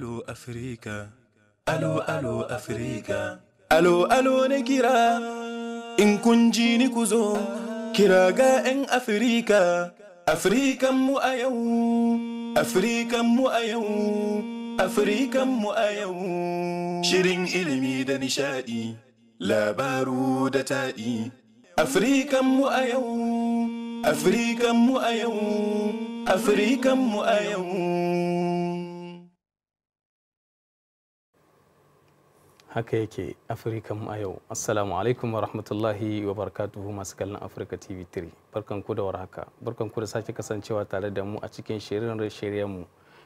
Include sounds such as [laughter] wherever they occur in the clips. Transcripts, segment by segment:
Alo Afirka, alo alo Afirka, alo alo ne kira, in kun ji ni kuzo, kira ga 'yan Afirka, Afirikan mu a yau, Afirikan mu a yau, Afirikan mu a yau. Shirin ilimi da nishadi, labaru da taɗi, Afirikan mu a yau, Afirikan mu a yau, Afirikan mu a yau. haka yake afirka mu a yau assalamu alaikum wa rahmatullahi wa barakatuhu masu kallon afirka tv 3 barkan ku da warhaka barkan ku da sake kasancewa tare da mu a cikin shirin shirye-shirye mu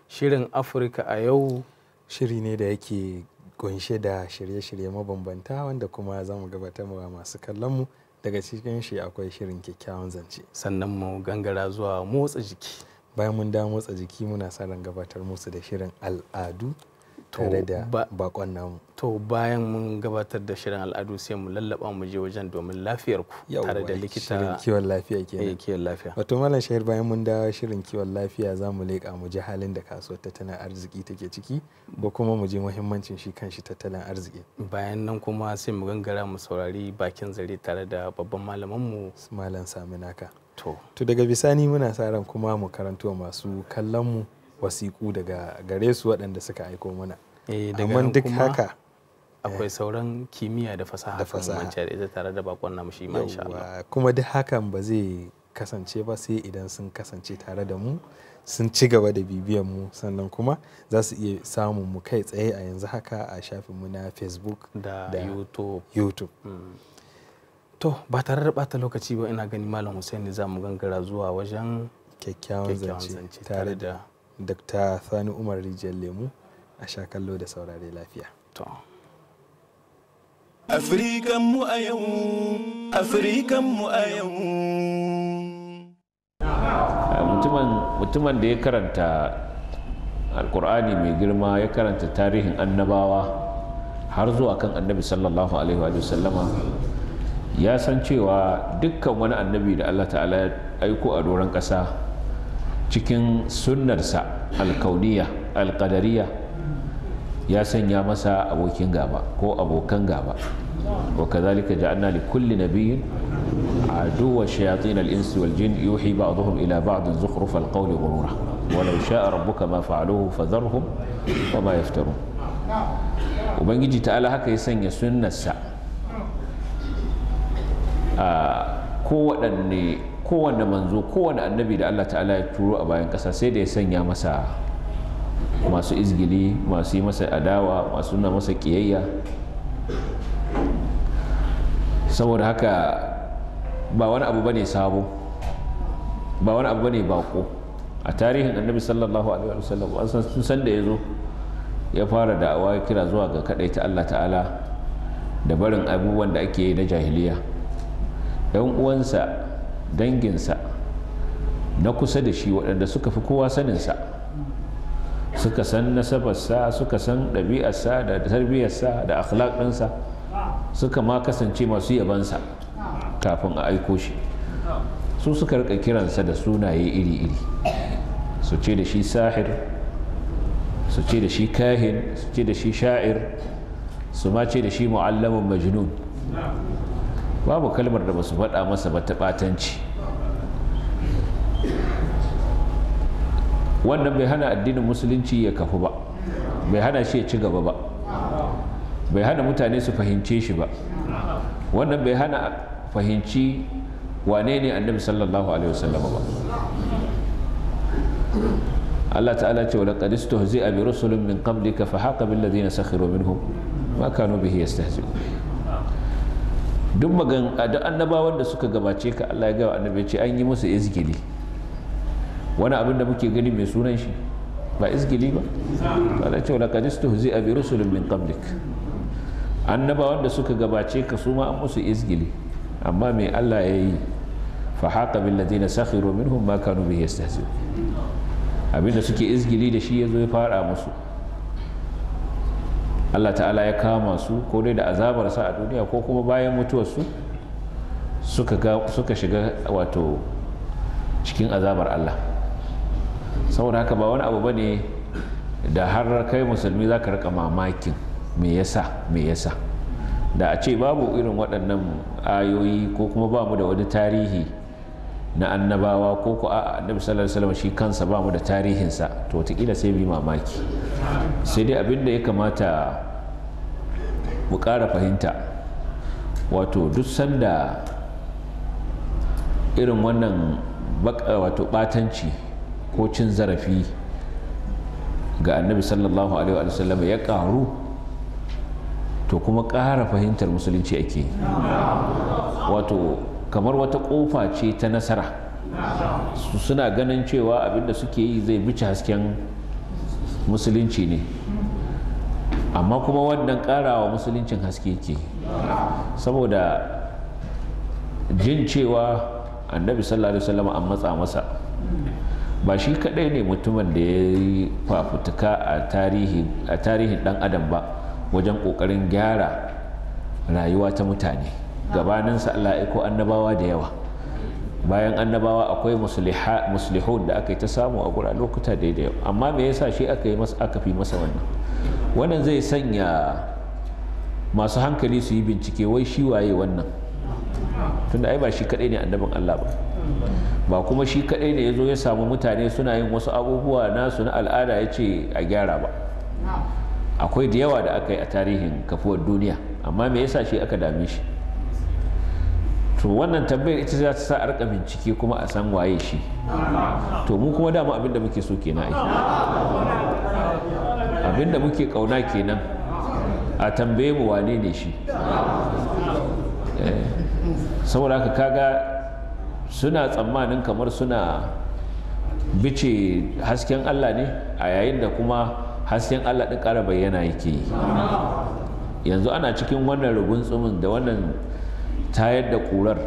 shirin afirka a yau shiri ne da yake kunshe da shirye-shirye mabambanta wanda kuma za mu gabatar wa masu kallon mu daga cikin shi akwai shirin kyakkyawan zance sannan mu gangara zuwa motsa jiki bayan mun da motsa jiki muna sa gabatar musu da shirin al'adu tare da bakon namu to bayan mun gabatar da shirin al'adu sai mu lallaba mu je wajen domin lafiyar ku tare da likita shirin kiwon lafiya kenan eh, kiwon lafiya wato mallam shahir bayan mun dawo shirin kiwon lafiya za mu leƙa mu ji halin da kasuwar tattalin arziki take ciki ba kuma mu ji muhimmancin shi kanshi tattalin arziki bayan nan kuma sai mu gangara mu saurari bakin zare tare da babban malaman mu malam saminaka to to daga bisani muna sa ran kuma mu karanto masu kallon mu wasiƙu daga gare su waɗanda suka aiko mana amma eh, duk haka akwai eh, sauran kimiyya da fasaha da fasaha ita tare da bakon namu shi ma insha Allah kuma duk hakan ba zai kasance ba sai idan sun kasance tare da mu sun ci gaba da bibiyan mu sannan kuma za su iya samun mu kai tsaye a yanzu haka a shafin mu na facebook da, youtube, YouTube. Hmm. to ba tare da bata lokaci ba ina gani malam hussein za mu gangara zuwa wajen kyakkyawan zance tare da dr sani umar rijiyar lemu a sha kallo da saurare lafiya to afirikan mu a yau afirikan mu a yau eh, mutumin da ya karanta alkur'ani mai girma ya karanta tarihin annabawa har zuwa kan annabi sallallahu alaihi wa sallama ya san cewa dukkan wani annabi da allah ta'ala ya aiko a doron ƙasa cikin sunnarsa alkauniya alkadariya ya sanya masa abokin gaba ko abokan gaba wa kazalika ja'alna li kulli nabiyyin aduwwa shayatin al-insi wal jin yuhi ba'dhum ila ba'd zukhruf al-qawli ghurura wa law sha'a rabbuka ma fa'aluhu fadharhum wa ma yaftarun ubangiji ta'ala haka ya sanya sunnarsa a kowanne kowanne manzo kowanne annabi da Allah ta'ala ya turo a bayan kasa sai da ya sanya masa masu izgili masu yi masa adawa masu nuna masa kiyayya saboda haka ba wani abu bane sabo ba wani abu bane bako a tarihin annabi sallallahu alaihi wasallam an san sun san da yazo ya fara da'awa ya kira zuwa ga kadai ta Allah ta'ala da barin abubuwan da ake yi na jahiliya yan uwansa danginsa na kusa da shi waɗanda suka fi kowa saninsa suka san nasabarsa suka san ɗabi'arsa da tarbiyarsa da akhlaq suka ma kasance masu yabansa kafin a aiko shi su suka rika kiransa da sunaye iri-iri su ce da shi sahir su ce da shi kahin su ce da shi sha'ir su ma ce da shi mu'allamin majnun babu kalmar da ba su faɗa masa ba ta ɓatanci wannan bai hana addinin musulunci ya kafu ba bai hana shi ya ci gaba ba bai hana mutane su fahimce shi ba wannan bai hana fahimci wane ne annabi sallallahu alaihi wasallam ba Allah ta'ala ce wala qad istuhzi'a bi rusulin min qablika fa haqa bil ladina sakhiru minhum ma kanu bihi yastahzi'un duk magan annabawan da suka gabace ka Allah ya ga annabi ce an yi musu izgili wani abin da muke gani mai sunan shi ba izgili ba da cewa laqad a bi rusulin min qablik annabawan da suka gabace ka su ma an musu izgili amma mai Allah ya yi fa haka na bil min hun minhum ma kanu bihi abin abinda suke izgili da shi ya zo ya fara musu Allah ta'ala ya kama su ko dai da azabar sa a duniya ko kuma bayan mutuwarsu suka shiga wato cikin azabar Allah saboda haka ba wani abu ba ne da har kai musulmi za ka rika mamakin me yasa me yasa da a ce babu irin waɗannan ayoyi ko kuma ba mu da wani tarihi na annabawa ko ku a annabi sallallahu alaihi wasallam shi kansa ba mu da tarihinsa to wataƙila sai bi mamaki sai dai abin da ya kamata mu ƙara fahimta wato duk sanda irin wannan wato ɓatanci ko cin zarafi ga annabi sallallahu alaihi wa sallam ya karu to kuma ƙara fahimtar musulunci ake wato kamar wata ƙofa ce ta nasara suna ganin cewa abinda suke yi zai bici hasken musulunci ne amma kuma wannan ƙarawa musuluncin haske ke saboda jin cewa annabi sallallahu alaihi wasallam an matsa masa ba shi kadai ne mutumin da ya yi fafutuka a tarihin dan adam ba wajen kokarin gyara rayuwa ta mutane gabaninsa allah iko annabawa da yawa bayan annabawa akwai muslihun da aka yi ta samu a gura lokuta da daidai amma me yasa shi aka yi aka fi masa wannan wannan zai sanya masu hankali su yi bincike wai shi waye wannan tunda ai ba shi kadai ne annabin allah ba ba kuma shi kadai da ya zo ya samu mutane suna yin wasu abubuwa nasu na al'ada ya ce a gyara ba akwai da yawa da aka yi a tarihin kafuwar duniya amma me yasa shi aka dame shi to wannan tambayar ita za ta sa a rika bincike kuma a san waye shi to mu kuma dama abin muke so kenan aiki abin da muke kauna kenan a tambaye mu wane ne shi eh, saboda haka kaga suna tsammanin kamar suna bice hasken Allah ne a yayin da kuma hasken Allah ɗin ƙara bayyana yake yi yanzu ana cikin wannan rugun tsumin da wannan tayar da ƙurar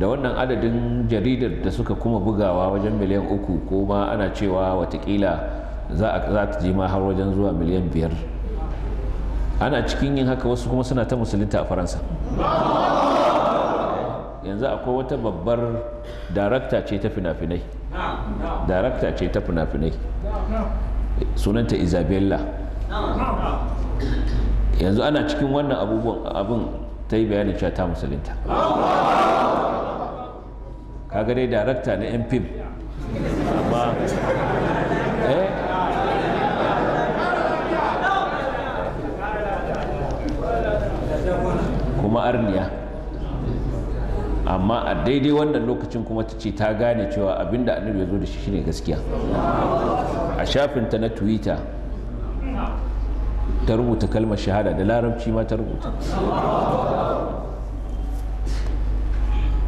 da wannan adadin jaridar da suka kuma bugawa wajen miliyan uku ko ma ana cewa watakila za ta ji ma har wajen zuwa miliyan biyar ana cikin yin haka wasu kuma suna ta musulunta a faransa yanzu akwai wata babbar darakta ce ta fina-finai darakta ce ta fina-finai sunanta isabella yanzu ana cikin wannan abubuwan abin ta yi bayanin cewa ta musulunta kaga dai darakta na yan fim amma eh? kuma arniya amma a daidai wannan lokacin kuma ta ce ta gane cewa abinda annabi ya zo da shi shine gaskiya a shafinta na twitter ta rubuta kalmar shahada da larabci ma ta rubuta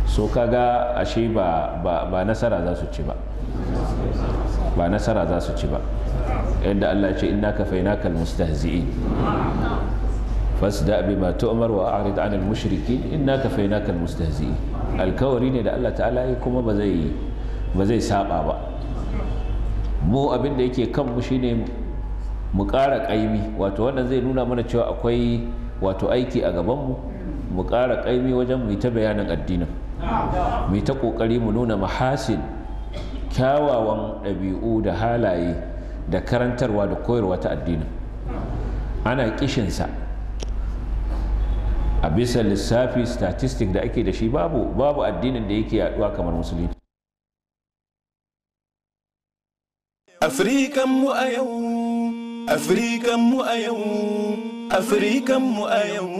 so kaga ashe ba nasara za su ci ba ba nasara za su ci ba yadda Allah ce inna ka fainaka almustahzi'in fasda bima umar wa a'rid 'anil mushrikin inna ka fainaka almustahzi'in alkawari ne da Allah ta'ala yi kuma ba zai ba saba ba mu abin da yake kanmu mu shine mu ƙara ƙaimi wato wannan zai nuna mana cewa akwai wato aiki a gabanmu mu ƙara ƙaimi wajen mu ta bayanin addinin mu ta ƙoƙari mu nuna mahasin kyawawan ɗabi'u da halaye da karantarwa da koyarwa ta addinin ana ƙishinsa a bisa lissafi statistic da ake da shi babu babu addinin da yake yaduwa kamar musulunci afirikan mu afirikan mu afirikan mu a yau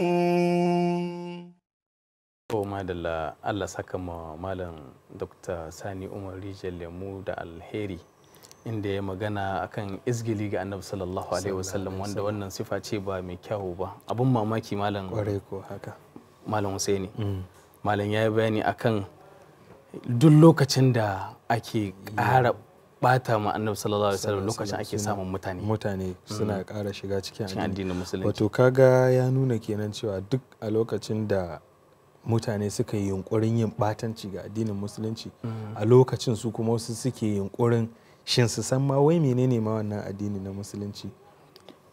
Allah saka ma malam Dr. Sani Umar Rijal Lemu da Alheri inda ya magana akan izgili ga annabi sallallahu alaihi wasallam wanda wannan sifa ce ba mai kyawu ba abun mamaki malam kware ko haka malam husaini mm. malam ya yi bayani akan duk lokacin da ake ƙara bata ma annabi sallallahu alaihi wasallam lokacin ake samun mutane mutane mm. suna ƙara shiga cikin addinin musulunci wato kaga ya nuna kenan cewa duk a lokacin da mutane suka yi yunkurin yin batanci ga addinin musulunci mm. a lokacin su kuma wasu suke yunkurin shin su san ma wai menene ma wannan addini na musulunci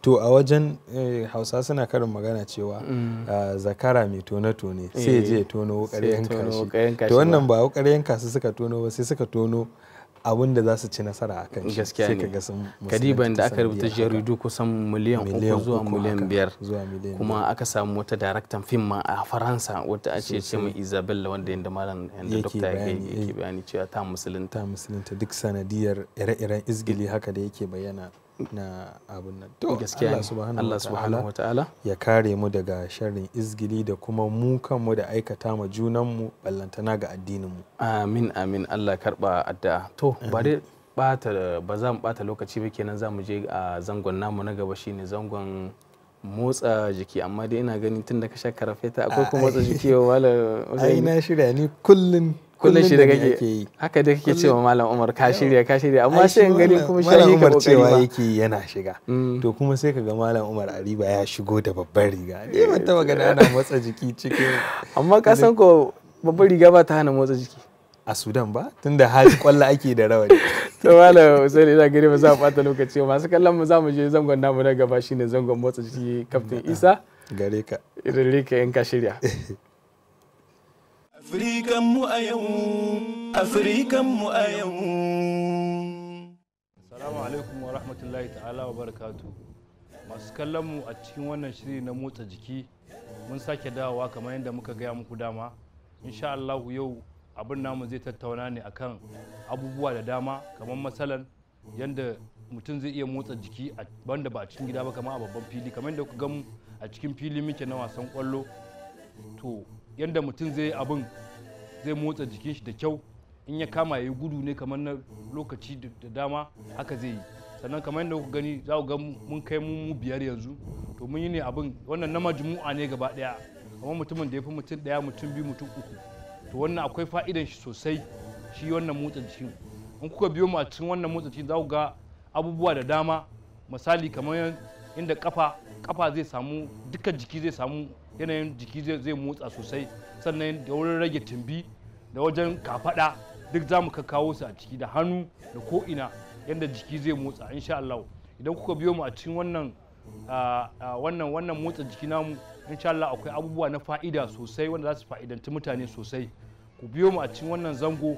to a wajen eh, hausa suna karin magana cewa mm. ah, zakara mai tona tone sai je eh, tono wukar yanka to wannan ba wukar yanka su suka tono ba sai suka tono abin da za su ci nasara a kan gaskiya ne kadiban da aka rubuta jaridu kusan miliyan uku zuwa miliyan biyar kuma aka samu wata daraktan fim ma a faransa wata a ce ce mai isabella wanda yadda malam yadda dokta ya ke eh. bayani cewa ta musulunta ta musulunta duk sanadiyar ire-iren izgili haka da yake bayyana na abin nan to gaskiya Allah subhanahu wataala ya kare mu daga sharrin izgili da kuma mu kanmu da aikata ma junan mu ballantana ga addinin mu amin amin Allah karba addu'a to ba dai bata ba za mu bata lokaci ba kenan za mu je a zangon namu na gaba shine zangon motsa jiki amma dai ina ganin tun da ka sha karafeta akwai kuma ah, motsa jiki wala ai na shirya ni kullun kullum shi da kake yi haka da kake cewa malam umar ka shirya ka shirya amma sai in gani kuma shi ka umar cewa yake yana shiga mm. to kuma sai kaga malam umar ariba ya shigo da babbar riga ne eh, ban taba gani ana motsa jiki cikin [laughs] amma ka san ko babbar riga ba ta hana motsa jiki a sudan ba tunda har kwallo ake da rawani [laughs] to malam usain ina gani ba za mu bata lokaci masu kallon mu za mu je zangon namu na gaba shine zangon motsa jiki kaftin isa gare ka Idan in ka shirya [laughs] Afirikan mu a yau, Afirikan mu a yau. Assalamu alaikum wa rahmatullahi ta'ala wa barakatu. Masu kallon mu a cikin wannan shiri na motsa jiki mun sake dawowa kamar yadda muka gaya muku dama. Insha Allahu yau abin namu zai tattauna ne akan abubuwa da dama kamar matsalan yadda mutum zai iya motsa jiki banda ba a cikin gida ba kamar a babban fili kamar yadda ku gamu a cikin fili muke na wasan kwallo to yadda mutum zai abin zai motsa jikin shi da kyau in ya kama ya yi gudu ne kamar na lokaci da dama haka zai yi sannan kamar yadda kuka gani za ku ga mun kai mu biyar yanzu to mun yi ne abin wannan na majmu'a ne gaba daya kamar mutumin da ya fi mutum daya mutum biyu mutum uku to wannan akwai fa'idan shi sosai shi wannan motsa jikin in kuka biyo mu a cikin wannan motsa jikin za ku ga abubuwa da dama misali kamar inda kafa kafa zai samu duka jiki zai samu yanayin jiki zai motsa sosai sannan da wurin rage tumbi da wajen kafada duk za mu kawo su a ciki da hannu da ko'ina yadda jiki zai motsa insha Allah idan kuka biyo mu a cikin wannan wannan wannan motsa jiki namu insha Allah akwai abubuwa na fa'ida sosai wanda za su fa'idanci mutane sosai ku biyo mu a cikin wannan zango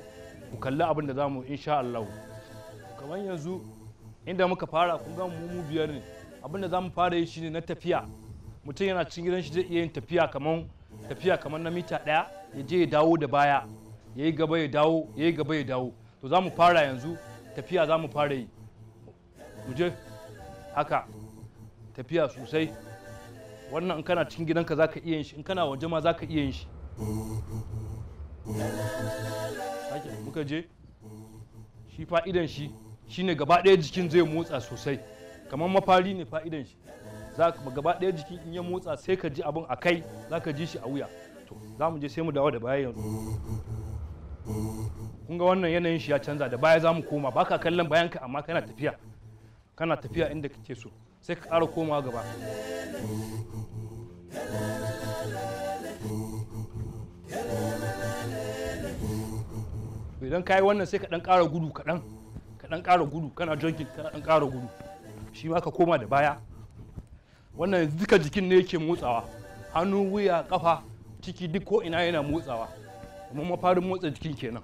ku kalli abin da za mu insha Allah kamar yanzu inda muka fara kun ga mu biyar ne abin da za mu fara yi shine na tafiya mutum yana cikin gidan shi zai iya yin tafiya kamar tafiya kamar na mita ɗaya ya je ya dawo da baya ya yi gaba ya dawo ya yi gaba ya dawo to za mu fara yanzu tafiya za mu fara yi mu je haka tafiya sosai wannan in kana cikin gidanka za ka iya yin shi in kana waje ma za ka iya yin shi sake muka je shi fa'idan shi shine gaba ɗaya jikin zai motsa sosai kamar mafari ne fa'idan shi za ka gaba ɗaya jikin in ya motsa sai ka ji abin a kai za ka ji shi a wuya to za mu je sai mu dawo da baya yanzu kun ga wannan yanayin shi ya canza da baya za mu koma ba ka kallon bayan ka amma kana tafiya kana tafiya inda kake so sai ka ƙara komawa gaba idan ka yi wannan sai ka ɗan ƙara gudu kaɗan ka ɗan ƙara gudu kana jogging kana ɗan ƙara gudu shi ma ka koma da baya wannan duka jikin ne yake motsawa hannu wuya kafa ciki duk ko ina yana motsawa amma mafarin motsa jikin kenan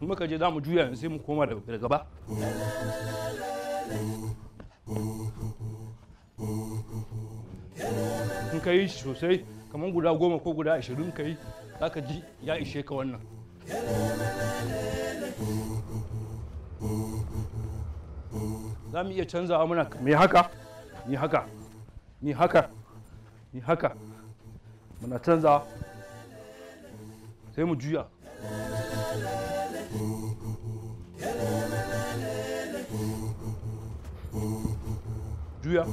muka je za mu juya yanzu sai mu koma daga gaba in ka yi sosai kamar guda goma ko guda ashirin ka yi za ka ji ya ishe ka wannan za mu iya canzawa muna mai haka ni haka ni haka ni haka muna canzawa sai mu juya juya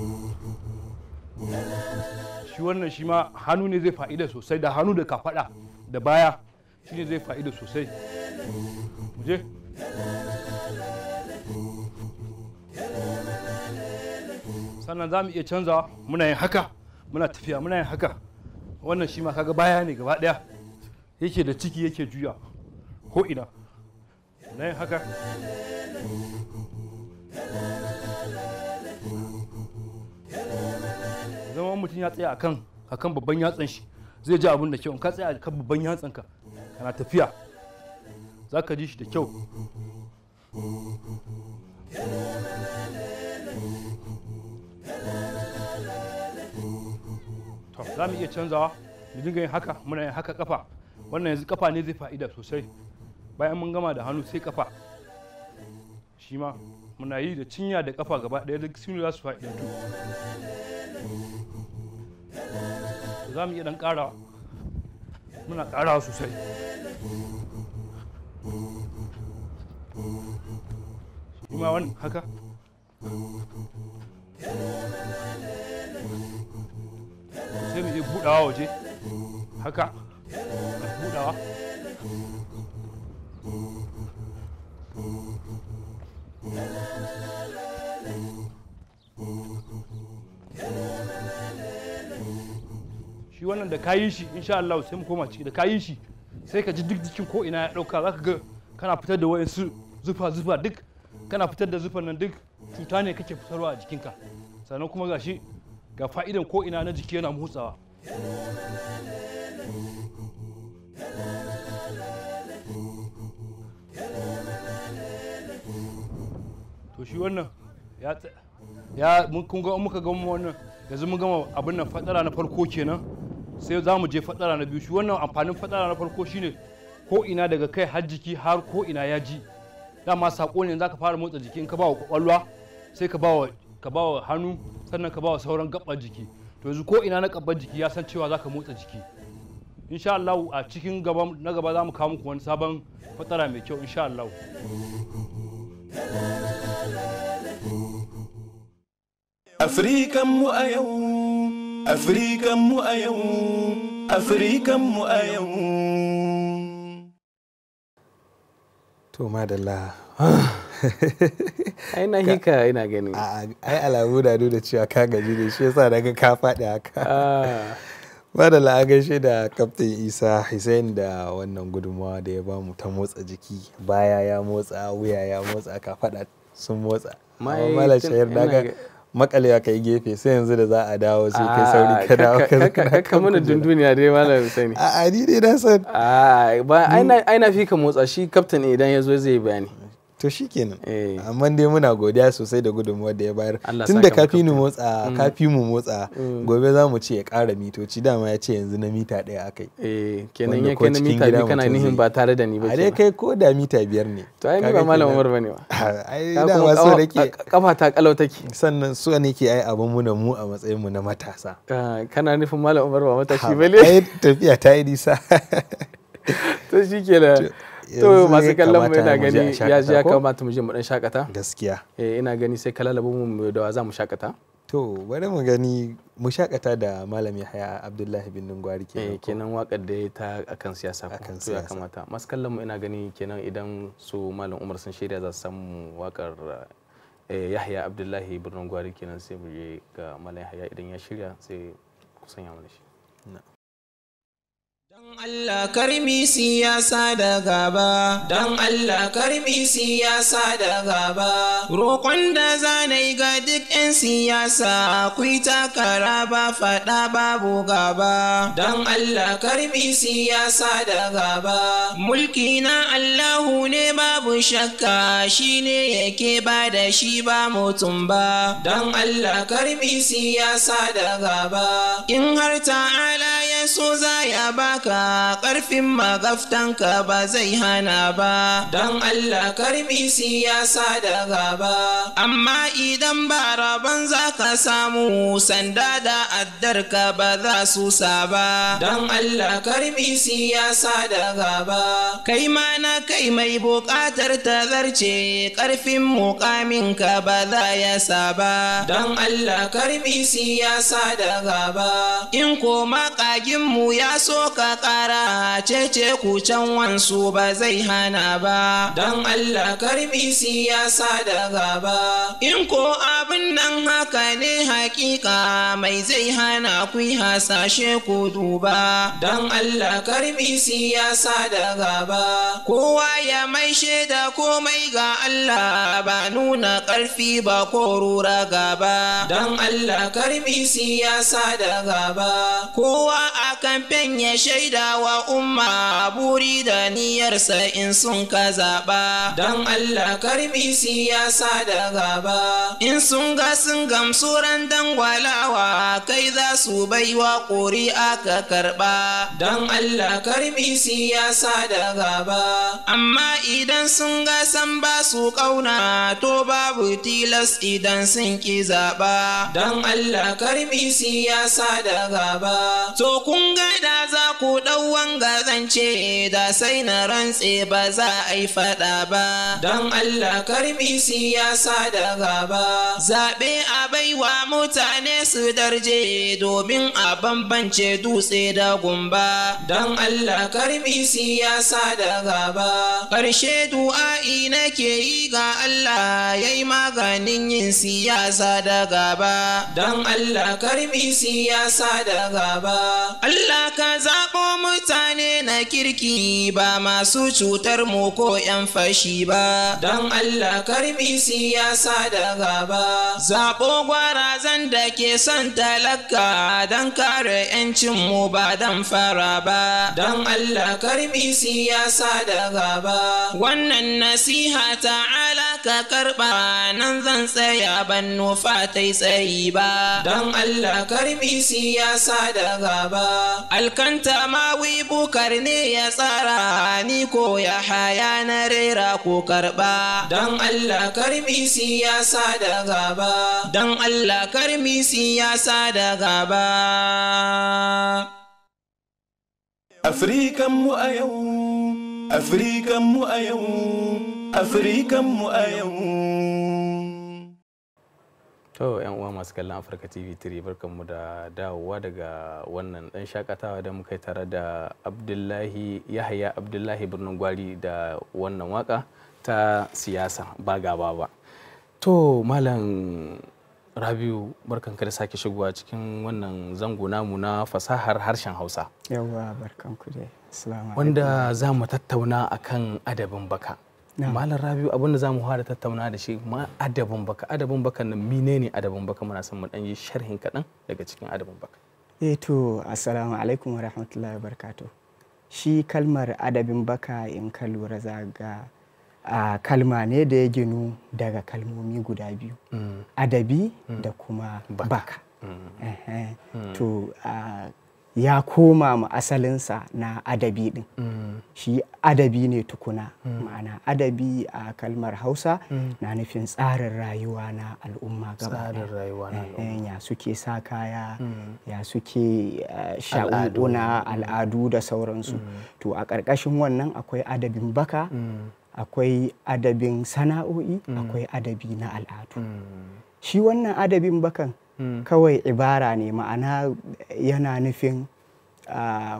shi wannan shi ma hannu ne zai fa'ida sosai da hannu da kafada da baya shi ne zai fa'ida sosai mu je sannan za mu iya canzawa muna yin haka muna tafiya muna yin haka wannan shi ma kaga baya ne gaba daya yake da ciki yake juya ko ina na yin haka zama mutum ya tsaya akan akan babban yatsan shi zai ji abin da kyau in ka tsaya kan babban yatsan ka kana tafiya za ka ji shi da kyau to za mu iya canzawa mu dinga yin haka muna yin haka kafa wannan yanzu kafa ne zai fa'ida sosai bayan mun gama da hannu sai kafa shi ma muna yi da cinya da kafa gaba ɗaya da sinu za su fa'ida tu za mu iya dan ƙara muna ƙara sosai shi ma wannan haka sai mu je buɗawa waje haka buɗawa. shi wannan da kayi shi insha Allah sai mu koma ciki da kayi shi sai ka ji duk jikin ko ina ya ɗauka zaka ga kana fitar da wayansu zufa zufa duk kana fitar da zufan nan duk cuta ne kake fitarwa a jikinka sannan kuma gashi ga fa'idan ko ina na jiki yana motsawa to shi wannan ya ya mun kun ga muka gama wannan yanzu mun gama abin nan fadara na farko kenan sai za mu je fadara na biyu shi wannan amfanin fadara na farko shine ko ina daga kai har jiki har ko ina ya ji dama sako ne za ka fara motsa jiki in ka ba wa kwakwalwa sai ka bawa ka bawa hannu sannan ka bawa sauran gaban jiki to yanzu ko ina na gaban jiki ya san cewa zaka motsa jiki insha Allah a cikin gaba na gaba za mu kawo muku wani sabon fatara mai kyau insha Allah Afirikan mu a yau Afrikan mu a yau Afrikan mu a yau To madalla ai na hika ina gani ai alamu na nuna cewa ka gaji ne shi yasa daga ka faɗi haka ah. madalla an shi da kaftin isa hussein da wannan gudunmawa da ya bamu ta motsa jiki baya ya motsa wuya ya motsa ka faɗa sun motsa amma mala shayar daga makalewa kai gefe sai yanzu da za a dawo sai kai ah, sauri ka dawo ka zaka mana dunduniya dai malam Husaini a ni dai na san a ah, ba ai na fi ka motsa shi kaftin idan ya zo zai bayani to shi kenan eh. amma dai muna godiya sosai da gudunmuwa da ya bayar tun da kafi mu motsa kafi mu motsa gobe za mu ce ya ƙara mitoci dama ya ce yanzu na mita ɗaya a kai. Eh, kenan ya kai na mita biyu kana nihin ba tare da ni ba kenan kai ko da mita biyar ne to ai ba malam Umar bane ba [laughs] ai dama so nake kafa ta kalau take sannan ne ke ai abun mu na mu a matsayin mu na matasa ah, kana nufin malam Umar ba matashi bane ai tafiya ta yi nisa [laughs] to shi kenan to masu kallon mu ina gani ya ji ya kamata mu je mu dan shakata gaskiya eh ina gani sai kalalabo mu da za mu shakata to bari mu gani mu shakata da malami haya abdullahi bin nungwari kenan eh, kenan wakar da ya ta akan siyasa akan ya kamata masu kallon mu ina gani kenan idan su malam umar sun shirya za su samu wakar eh, yahya abdullahi bin nungwari kenan sai mu je ga malam haya idan ya shirya sai kusan ya mana shi Allah karmi siyasa da gaba, Dan Allah karmi siyasa da gaba. Roƙon da zanai ga duk 'yan siyasa akwai takara ba faɗa babu gaba. Dan Allah karmi siyasa da gaba. Mulki na Allahu ne babu shakka shi ne yake ba da shi ba mutum ba. Dan Allah karmi siyasa da gaba. In har ta'ala ya so za ya baka ƙarfin magaftanka ba zai hana ba don Allah karmi sa da gaba amma idan ba rabon za ka samu sanda da addarka ba za su sa ba don Allah karmi sa da gaba kai ma na kai mai buƙatar ta zarce ƙarfin muƙaminka ba za ya sa ba don Allah karmi sa da gaba in ko makagin mu ya so ka ƙara cece ku can wansu ba zai hana ba don Allah karbi siyasa da gaba in ko abin nan haka ne hakika mai zai hana ku hasashe ku duba don Allah karbi siyasa da gaba kowa ya maishe da komai ga Allah ba nuna ƙarfi ba ko rura gaba don Allah karbi siyasa da gaba kowa a kamfen ya shaida Da wa umma buri da niyyarsa in sun ka zaɓa don Allah karbi siyasa da gaba in sun ga sun gamsu ran dangwalawa kai za su baiwa ƙuri'a aka karɓa don Allah karbi siyasa da gaba amma idan sun ga san ba su ƙauna to babu tilas idan sun ki zaɓa don Allah karbi siyasa da gaba to kun ga da za ku ɗau wanga zance da sai na rantse ba za a yi faɗa ba. Dan Allah karmi siyasa da gaba. Zaɓe a baiwa mutane su darje domin a bambance dutse da gumba. Dan Allah karmi siyasa da gaba. Ƙarshe du'a'i nake yi ga Allah Yayi maganin yin siyasa da gaba. Dan Allah karmi siyasa da gaba. Allah ka zaɓo mutane na kirki ba masu cutar mu ko 'yan fashi ba don Allah karmi siyasa da gaba zaɓo zan da ke son talaka don kare 'yancin mu ba don fara ba don Allah karmi siyasa da gaba wannan nasiha ta alaka karɓa nan zan tsaya ban nufa ta tsayi ba don Allah karmi siyasa da gaba alkanta ma rawi bukar ne ya tsara ni ko ya haya na rera ko karba dan Allah karmi siyasa da gaba dan Allah karmi siyasa da gaba Afirikan mu a yau Afirikan mu a yau Afirikan mu a yau To yan uwa masu kallon Afirka TV 3 barkanmu da dawowa daga wannan dan shakatawa da muka tare da Abdullahi Yahaya Abdullahi Birnin Gwari da wannan waka ta siyasa ba gaba ba. To malam Rabiu barkanka da sake shigowa cikin wannan zango namu na fasahar harshen Hausa. yawa barkanku Wanda za mu tattauna akan adabin baka. malam rabiu abin da zamu fara tattauna da shi ma adabin baka adabin baka nan menene adabin baka muna son mu dan yi sharhin kaɗan daga cikin adabin baka eh to assalamu alaikum wa rahmatullahi wa shi kalmar adabin baka in ka lura za ga a kalma ne da ya ginu daga kalmomi guda biyu mm. adabi mm. da kuma baka mm. to ya koma ma asalinsa na adabi din mm. shi adabi ne tukuna mm. ma'ana adabi a kalmar hausa mm. na nufin tsarin rayuwa na al'umma gaba eh, eh, ya suke sa kaya mm. ya suke eh, sha'uduna al'adu da sauransu mm. to a ƙarƙashin wannan akwai adabin baka mm. akwai adabin sana'o'i akwai adabi na al'adu shi wannan adabin bakan Hmm. kawai ibara ne ma'ana yana nufin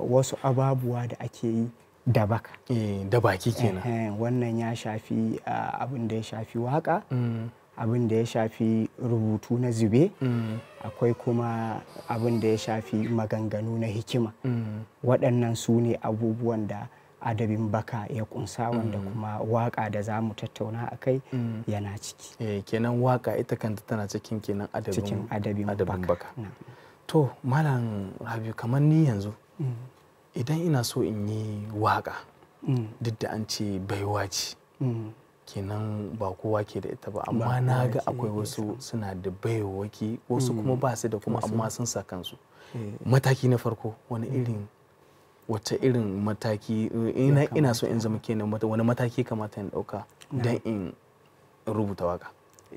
wasu ababuwa da ake yi da baka eh, da baki kenan wannan ya shafi abin da ya shafi waka hmm. abin da ya shafi rubutu na zube hmm. akwai kuma abin da ya shafi maganganu na hikima waɗannan su ne abubuwan da adabin baka ya kunsa wanda mm. kuma waka da za mu tattauna a kai mm. yana ciki eh, kenan waka ita kanta tana cikin kenan adabin adabin baka to malam rabi kamar ni yanzu mm. idan ina so in yi waka duk da an ce baiwa ce kenan ba kowa ke da ita ba amma na ga akwai wasu suna da baiwaki wasu kuma ba su da kuma amma sun sa kansu eh. mataki na farko wani irin wata irin mataki eh, ina, ina so in zama kenan wani mataki kamata in ɗauka don in rubuta waka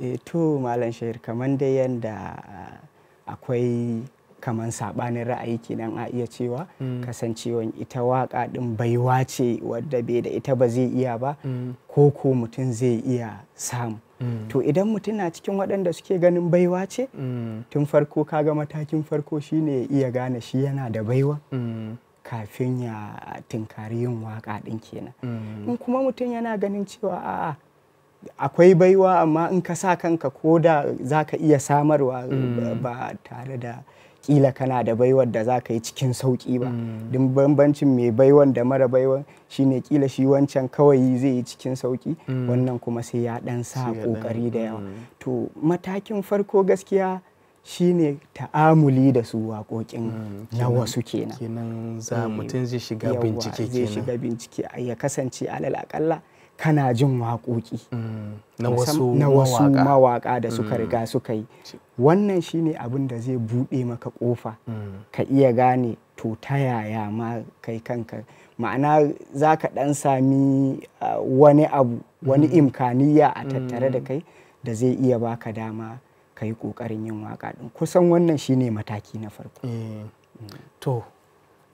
eh, to malam shahir kamar dai yanda ah, akwai kamar sabanin ra'ayi kenan a iya cewa mm. kasancewan ita waka din baiwa ce wadda bai da ita ba zai iya ba mm. ko ko mutum zai iya samu mm. to idan mutum na cikin waɗanda suke ganin baiwa ce tun farko kaga matakin farko shine ya iya gane shi yana da baiwa kafin ya tinkari yin waka din kenan mm. in kuma mutum yana ganin cewa a'a akwai baiwa amma in ka sa kanka ko da za ka iya samarwa mm. ba tare da kila kana da baiwar da za ka yi cikin sauki ba mm. din bambancin mai baiwan da mara baiwan shine kila shi wancan kawai zai yi cikin sauki wannan kuma sai ya dan sa kokari da yawa to matakin farko gaskiya Shi ne ta'amuli da su waƙoƙin yawa mm, su kenan kenan za mm. mutum zai shiga bincike kenan zai shiga bincike ya kasance alal akalla kana jin waƙoƙi mm, na wasu mawaƙa da suka riga suka yi wannan shine abin da zai buɗe maka ƙofa ka iya gane to ta yaya ma kai kanka ma'ana za ka ɗan sami wani abu wani imkaniya a tattare da kai da zai iya baka dama ka yi ƙoƙarin yin waƙa ɗin kusan wannan shine mataki na farko eh, mm. to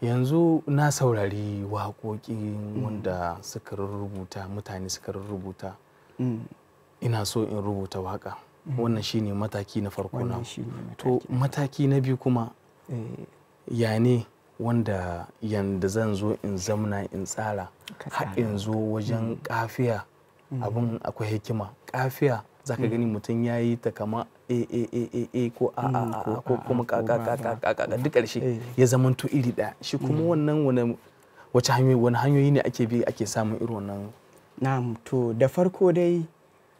yanzu na saurari waƙoƙin mm. wanda suka rubuta mutane suka rubuta mm. ina so in rubuta waƙa wannan shine mataki na farko na to mataki na biyu kuma eh. ya ne wanda yanda zan zo in zamna in tsara har in zo wajen kafiya abin akwai hikima kafiya za ka mm. gani mutum ya yi ta kama eh, eh, eh, a a a mm, a a ko a a a ko kuma ka ka ka ka ka duk ƙarshe ya zamanto iri ɗaya shi kuma mm. wannan wani wace hanyoyi wani hanyoyi ne ake bi ake samun irin wannan na'am to da farko dai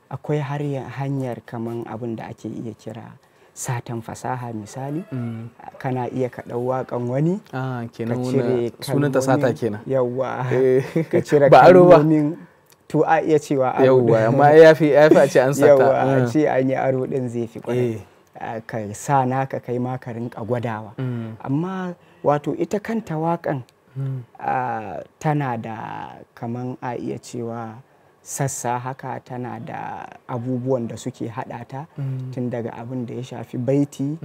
akwai hanyar kaman abin da ake iya kira satan fasaha misali kana iya ka ɗau waƙan wani ah, ka cire sunanta sata kenan yawwa ka cire [laughs] kalmomin to a iya cewa aro yawwa amma ya fi ya fi a ce an sata yawwa a mm. ce an yi aro din zai fi kwarai eh. ka sa naka kai ma ka rinka gwadawa mm. amma wato ita kanta wakan mm. tana da kaman a iya cewa sassa haka tana da abubuwan da suke haɗata tun daga abin da ya shafi baiti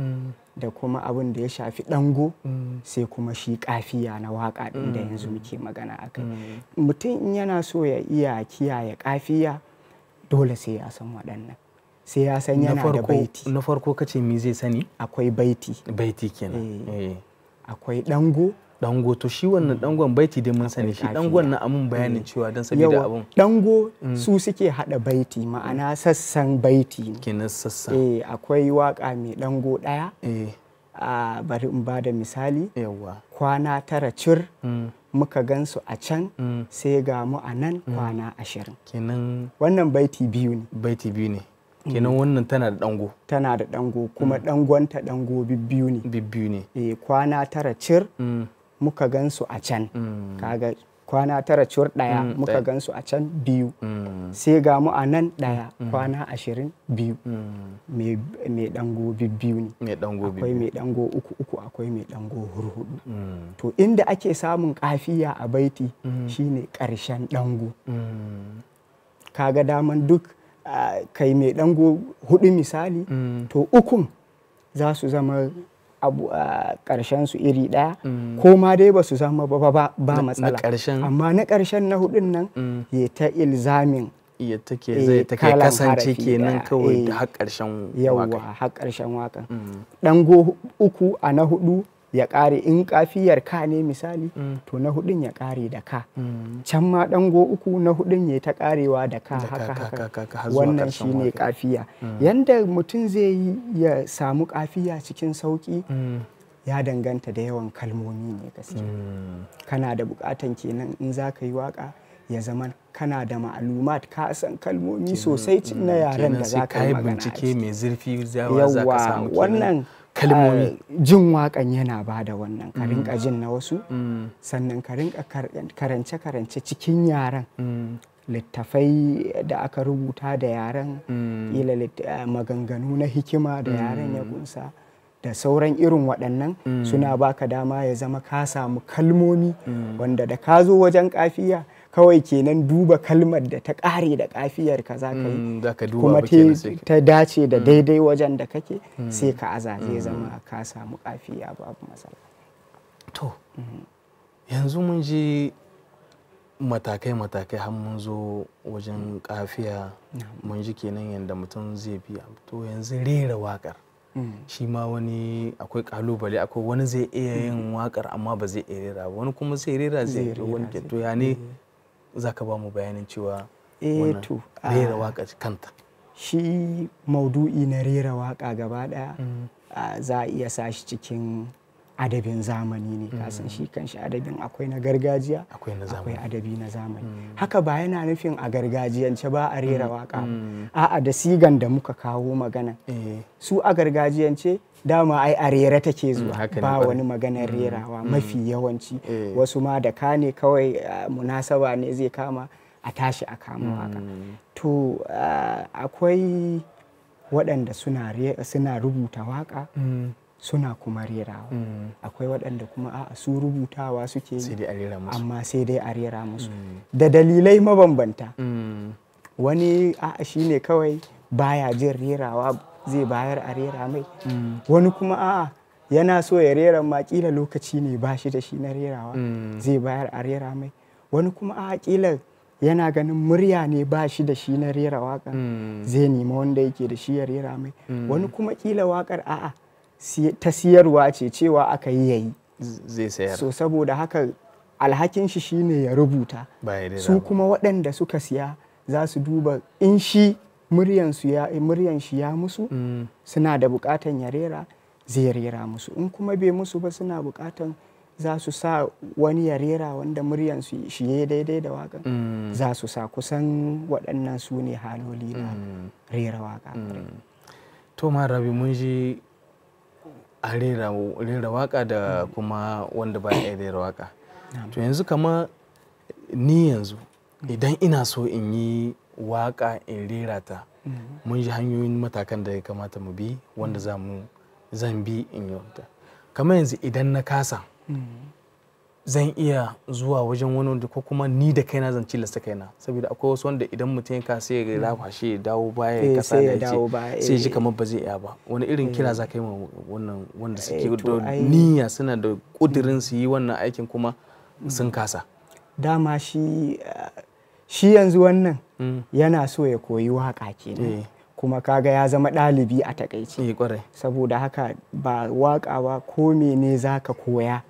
da kuma abin da ya shafi dango mm. sai kuma shi kafiya na waka din da mm. yanzu muke magana akai mm. mutum in yana so ya iya kiyaye kafiya dole sai ya san waɗannan sai ya san yana da baiti na farko kace me zai sani akwai baiti baiti kenan eh. Eh. akwai dango dango to shi wannan mm. dangon baiti dai mun sani shi dangon na amun bayanin mm. cewa don sabida abun dango mm. su suke hada baiti ma'ana sassan baiti kenan sassan eh akwai waka mai dango daya eh a bari in bada misali. yawa kwana tara cir muka gansu a can sai ga mu a nan kwana ashirin kenan wannan baiti biyu ne baiti biyu ne kenan wannan tana da dango tana da dango kuma dangonta dango bibbiyu ne bibbiyu ne eh kwana tara cir muka gan su a can mm. kaga kwana tara cur ɗaya mm, muka gan su a can biyu mm. sai ga mu a nan ɗaya kwana ashirin biyu mai ɗangu biyu ne akwai mai dango uku uku akwai mai dango hudu to inda ake samun kafiya a baiti shine ƙarshen dango kaga daman duk kai mai ɗangu hudu misali to ukun za su zama abu ƙarshen su iri ɗaya mm. ko ma dai ba su zama ba ba matsala amma na karshen na hudun nan mm. ya ta ilzamin ya take zai eh, kasance kenan kawai da eh. har ƙarshen yawwa har ƙarshen mm. ɗango uku a na hudu ya ƙare in kafiyar ka ne misali mm. to na hudun ya ƙare da ka mm. can ma dango uku na hudun ya ta ƙarewa da ka haka haka wannan shi ne kafiya mm. yanda mutum zai yi ya samu kafiya cikin sauki ya danganta da yawan kalmomi ne gaskiya kana da bukatan kenan in za ka yi waka ya zama kana da ma'alumat ka san kalmomi sosai na yaren da za ka yi magana bincike mai zurfi yawa wannan kalmomi ah, jin wakan yana ba da wannan ka rinka mm. jin na wasu mm. sannan ka rinka karance karance cikin yaran mm. littafai da aka rubuta da yaren ila eh, maganganu na hikima da yaran ya kunsa da sauran irin waɗannan suna baka dama ya zama ka samu kalmomi wanda da ka zo wajen kafiya kawai kenan duba kalmar da ta kare da kafiyar ka za ka yi mm, kuma ta dace da mm. daidai wajen da kake mm. sai ka aza zai zama ka samu kafiya babu matsala to yanzu mun ji matakai-matakai har mun zo wajen kafiya mun ji kenan yadda mutum zai biya to yanzu rera wakar shi ma wani akwai kalubale akwai wani zai iya yin wakar amma ba zai iya rera wani kuma zai rera zai iya wani to ya ne za ka ba mu bayanin cewa eh wannan rera waka kanta shi maudu'i na rera waka gaba daya mm. za a iya sashi cikin adabin zamani ne kasan mm. shi kan shi adabin akwai na gargajiya akwai adabi na zamani mm. haka ba yana nufin a gargajiyance ba a rera mm. waka a'a da sigan da muka kawo magana eh. su a gargajiyance dama ai a rera take zuwa ba wani maganar rerawa mafi yawanci eh. wasu ma da ka ne kawai munasaba ne zai kama a tashi a kama waka to akwai waɗanda suna rubuta waka suna kuma rerawa mm. akwai waɗanda kuma a su rubutawa suke amma sai dai a rera musu mm. da dalilai mabambanta mm. wani a'a ne kawai baya jin rerawa zai bayar a rera mai wani kuma a'a yana so ya rera ma kila lokaci ne ba shi da shi na rerawa zai bayar a rera mai wani kuma a kila yana ganin murya ne ba shi da shi na rera waka zai nemi wanda yake da shi ya rera mai wani kuma kila wakar a'a ta siyarwa ce cewa aka yi yayi zai sayar so saboda haka alhakin shi shine ya rubuta su kuma waɗanda suka siya za su duba in shi muryan shi ya musu mm. suna da bukatan ya rera zai rera musu in kuma bai musu ba suna bukatan za su sa wani ya rera wanda muryan su shi ya daidai da waka. Mm. za su sa kusan waɗannan su ne haloli na mm. rera waka to rabi mun ji a rera waka da kuma wanda ba ya rera waka to yanzu kama ni yanzu idan ina so in yi waka in rera ta mun ji hanyoyin matakan da ya kamata mu bi wanda za mu zan bi in yi kama yanzu idan na kasa zan iya zuwa wajen wani wanda ko kuma ni da kaina zan cilasta kaina saboda akwai wasu wanda idan mutum ya kasa ya hmm. rafa shi ya dawo baya ya eh, kasa da ya sai ji eh. kamar ba zai iya ba wani irin kira eh. za ka yi wannan wanda suke da niyya suna da kudirin su yi wannan aikin kuma hmm. sun kasa dama shi shi yanzu wannan hmm. yana so ya koyi waka kenan kuma kaga ya zama ɗalibi a takaice saboda haka ba waka ba ko mene za ka koya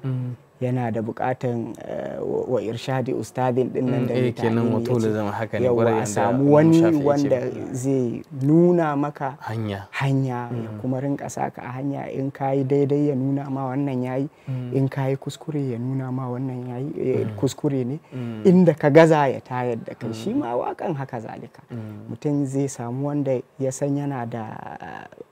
yana da bukatan eh, wa irshadi ustadin din nan mm, da yake nan wato da zama haka ne a samu wani wanda zai nuna maka hanya hanya mm. kuma rinka saka a hanya in kayi daidai ya nuna ma wannan yayi mm. in kayi kuskure ya nuna ma wannan yayi eh, kuskure ne inda ka gaza ya tayar da kai shi ma wakan haka zalika mutum zai samu wanda ya san yana da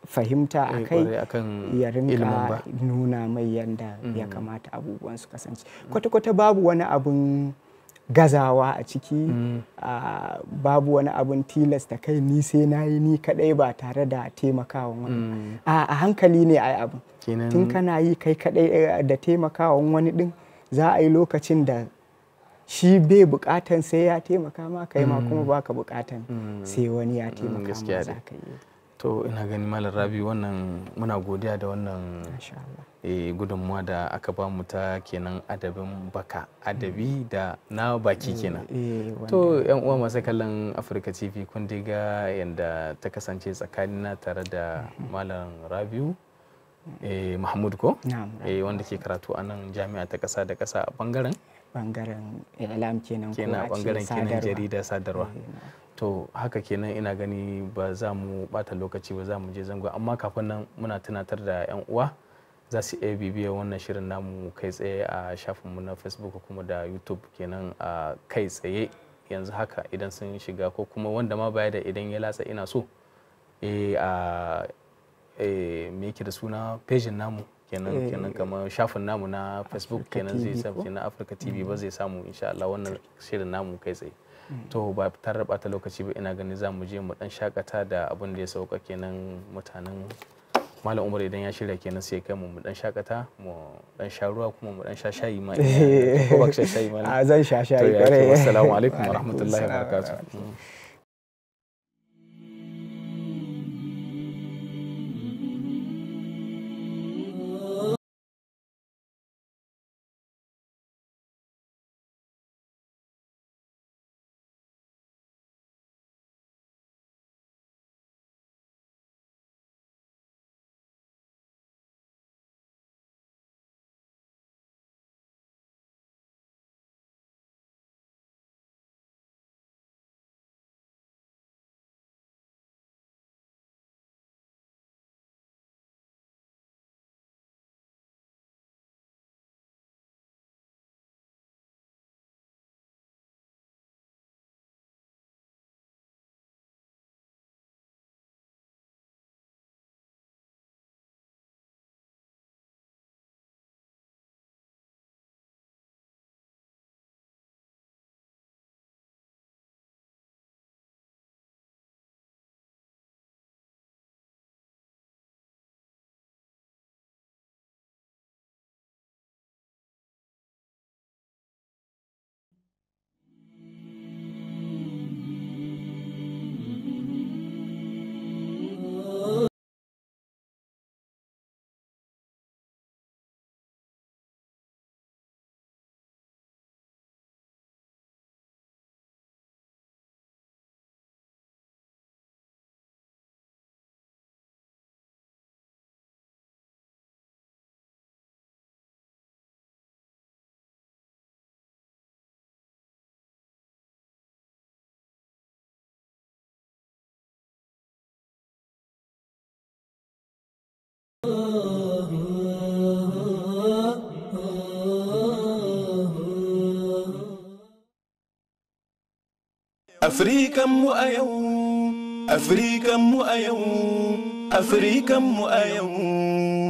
fahimta eh, a kai ya rinka nuna mai yadda ya mm. kamata abubuwan su kasance kwata-kwata babu wani abun gazawa a ciki mm. babu wani abun tilasta kai ni sai na yi ni kadai ba tare da taimakawa wani mm. a, hankali ne a abu tun kana yi kai kadai eh, da taimakawa wani din za a yi lokacin da shi bai bukatan sai ya taimaka ma kai ma kuma baka bukatan sai wani ya taimaka ma za ka yi to ina gani malam rabi wannan muna godiya da wannan e, gudunmuwa da aka ba mu ta kenan adabin baka adabi mm. da na baki mm, kenan eh, to yan uwa masu kallon afirka tv kun diga yadda ta kasance tsakanina tare da mm-hmm. malam Rabi, mm. eh, mahmud ko wanda ke karatu a nan jami'a ta kasa da kasa a bangaren bangaren ilam kenan kenan bangaren kenan jarida sadarwa eh, to haka kenan ina gani ba za mu bata lokaci ba za mu je zango amma kafin nan muna tunatar da yan uwa za su iya bibiyar wannan shirin namu kai tsaye a shafin mu na facebook kuma da youtube kenan a kai tsaye yanzu haka idan sun shiga ko kuma wanda ma baya da idan ya latsa ina so e a eh, me yake da suna pejin namu kenan eh, kenan kamar shafin namu na facebook kenan zai samu kenan africa tv ba mm. zai samu insha Allah wannan shirin namu kai tsaye mm. to ba tare bata lokaci ba ina ganin za mu je mu dan shakata da abin da ya sauka kenan mutanen malam umar idan ya shirya kenan sai kai mu mu dan shakata mu dan sha ruwa kuma mu dan sha shayi ma [laughs] ko ba sha shayi ma a zan sha shayi kare assalamu [laughs] alaikum warahmatullahi wabarakatuh mm. أفريكا مؤيو أفريكا مؤيو أفريكا مؤيو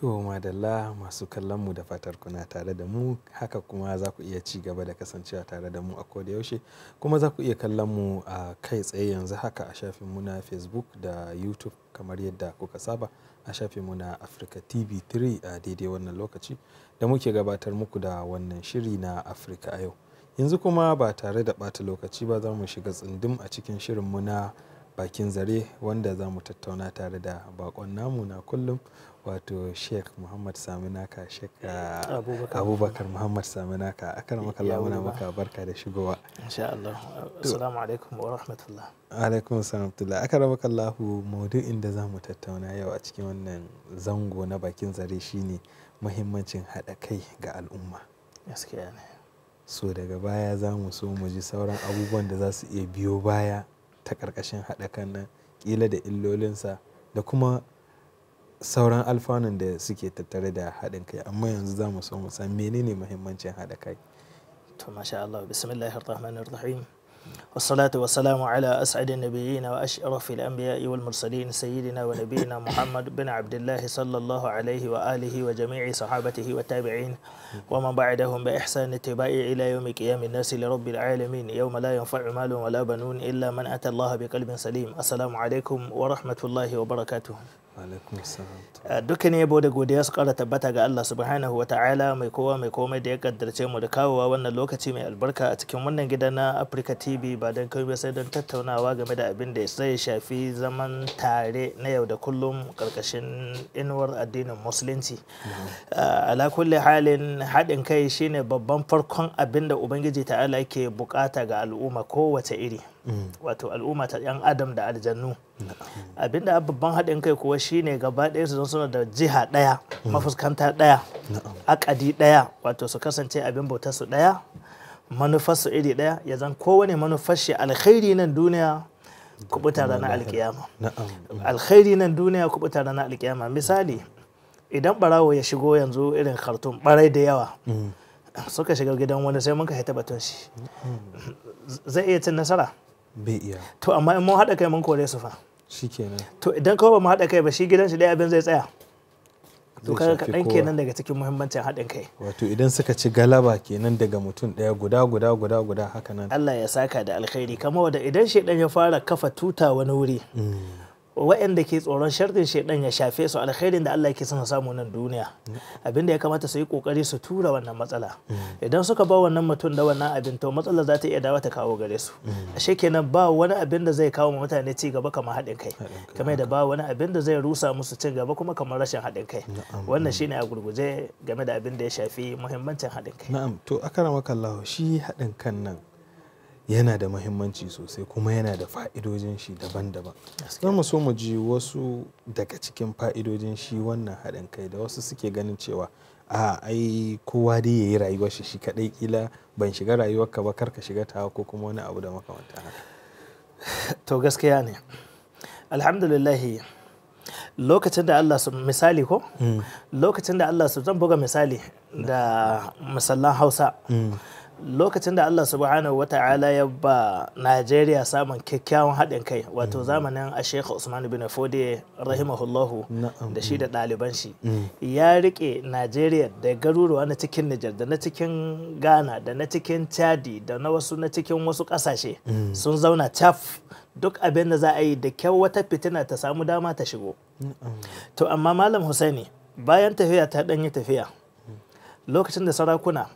To madalla masu kallon mu da fatar kuna tare da mu haka kuma za ku iya ci gaba da kasancewa tare da mu a koda yaushe kuma za ku iya kallon mu a kai tsaye yanzu haka a shafin mu na Facebook da YouTube kamar yadda kuka saba a shafin mu na Africa TV 3 a daidai wannan lokaci da muke gabatar muku da wannan shiri na Africa a yau. Yanzu kuma ba tare da ɓata lokaci ba za mu shiga tsindim a cikin shirin mu na bakin zare wanda za mu tattauna tare da bakon namu na kullum wato sheikh muhammad saminaka sheikh ah, abubakar muhammad saminaka akar makalla muna maka barka da shigowa insha Allah assalamu alaikum wa rahmatullah alaikum assalam akar maudu'in da za mu tattauna yau a cikin wannan zango na bakin zare shine muhimmancin haɗa kai ga al'umma so daga baya za mu so mu ji sauran abubuwan da za su iya biyo baya ta ƙarƙashin haɗa kan nan ƙila da illolinsa da kuma sauran alfanun da suke tattare da haɗin kai amma yanzu za mu so mu san menene muhimmancin haɗa kai to masha Allah bismillahir rahmanir rahim والصلاة والسلام على أسعد النبيين وأشرف الأنبياء والمرسلين سيدنا ونبينا محمد بن عبد الله صلى الله عليه وآله وجميع صحابته والتابعين ومن بعدهم بإحسان اتباع إلى يوم قيام الناس لرب العالمين يوم لا ينفع مال ولا بنون إلا من أتى الله بقلب سليم السلام عليكم ورحمة الله وبركاته Eh, duka ne yabo da godiya su kara tabbata ga Allah subhanahu wa ta'ala mai kowa mai komai da ya kaddarce mu da kawowa wannan lokaci mai albarka a cikin wannan gida na Africa TV ba dan kai sai don tattaunawa game da abin da ya shafi zaman tare na yau da kullum karkashin inuwar addinin musulunci eh, ala kulli halin haɗin kai shine babban farkon abin da ubangiji ta'ala ke bukata ga al'umma kowace iri mm. wato al'umma ta yan adam da aljannu abinda babban haɗin kai kuwa shine gaba ɗaya su suna da jiha ɗaya mafuskanta ɗaya akadi ɗaya wato su kasance abin bautar su ɗaya manufar su iri ɗaya ya zan kowane manufar shi alkhairi nan duniya kubuta na alkiyama alkhairi nan duniya kubuta na alkiyama misali idan barawo ya shigo yanzu irin khartum barai da yawa mm. suka shiga gidan wani sai muka ka haita batun shi mm. zai iya cin nasara to amma in mun haɗa kai mun kore su fa to idan kawai ba mu haɗa kai ba shi gidan shi dai abin zai tsaya to kaga kaɗan kenan daga cikin muhimmancin haɗin kai wato idan suka ci galaba kenan daga mutum ɗaya guda guda guda guda haka nan Allah ya saka da alkhairi kamar wanda idan ɗan ya fara kafa tuta wani wuri mm. waɗanda ke tsoron sharrin shaidan ya shafe su alkhairin da Allah yake son samu nan duniya abinda ya kamata su yi kokari su tura wannan matsala idan suka ba wannan mutum da wannan abin to matsala za ta iya dawo ta kawo gare su ashe kenan ba wani abin da zai kawo mutane ci gaba kamar haɗin kai kamar da ba wani abin da zai rusa musu ci gaba kuma kamar rashin haɗin kai wannan shine a gurguje game da abin da ya shafi muhimmancin haɗin kai na'am to akara maka Allah shi haɗin kan nan yana da mahimmanci sosai kuma yana da fa'idojin shi daban-daban za mu so mu ji wasu daga cikin fa'idojin shi wannan haɗin kai da wasu suke ganin cewa a ai kowa dai ya yi rayuwar shi shi kaɗai kila ban shiga rayuwar ka ba kar ka shiga tawa ko kuma wani abu da makamanta haka [laughs] to gaskiya ne alhamdulillah lokacin da Allah su misali ko mm. lokacin da Allah su zan buga misali da musallan Hausa mm. lokacin da Allah subhanahu wa ta'ala ya ba Najeriya samun kyakkyawan haɗin kai wato mm. zamanin a Sheikh Usman bin Fode rahimahullahu mm. da shi da mm. ɗaliban shi ya riƙe Najeriya da garuruwa na cikin Nijar da na cikin Ghana da na cikin Chadi da na wasu na cikin wasu ƙasashe sun zauna caf duk abin da za a yi da kyau wata fitina ta samu dama ta shigo to amma Malam Husaini bayan tafiya ta ɗanyi tafiya lokacin da sarakuna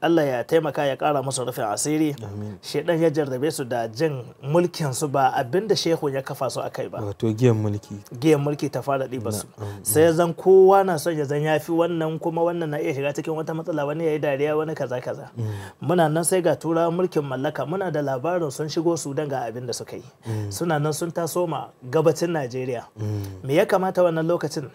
Allah ya taimaka ya kara musu rufin asiri shedan ya jarrabe su da jin mulkin su ba abinda shehu ya kafa su akai ba wato giyan mulki giyan mulki ta fara ɗiba su sai zan kowa na son ya zan yafi wannan kuma wannan na iya shiga cikin wata matsala wani yayi dariya wani kaza kaza mm. muna nan sai ga tura mulkin mallaka muna da labarin sun shigo Sudan ga abin da suka yi mm. suna nan sun taso ma gabacin Najeriya mm. me ya kamata wannan lokacin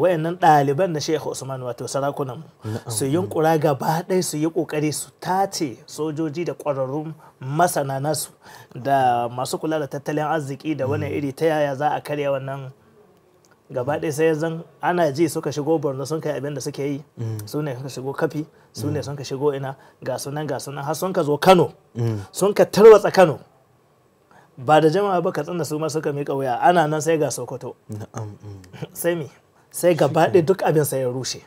wayannan ɗaliban na Sheikh Usman wato sarakunan su yunkura gaba ɗaya su yi ƙoƙari su tace sojoji da ƙwararrun masana nasu da masu kula da tattalin arziki da wani mm. iri ta yaya za a karya wannan gaba ɗaya sai zan ana ji suka shigo borno sun kai abin da suke yi mm. su ne suka shigo kafi su ne mm. sun ka shigo ina ga sunan ga sunan har sun ka zo kano sun ka tarwatsa kano ba da jama'a ba ka tsanda su ma suka miƙa wuya ana nan sai ga sokoto sai me sai gaba duk abin sai ya rushe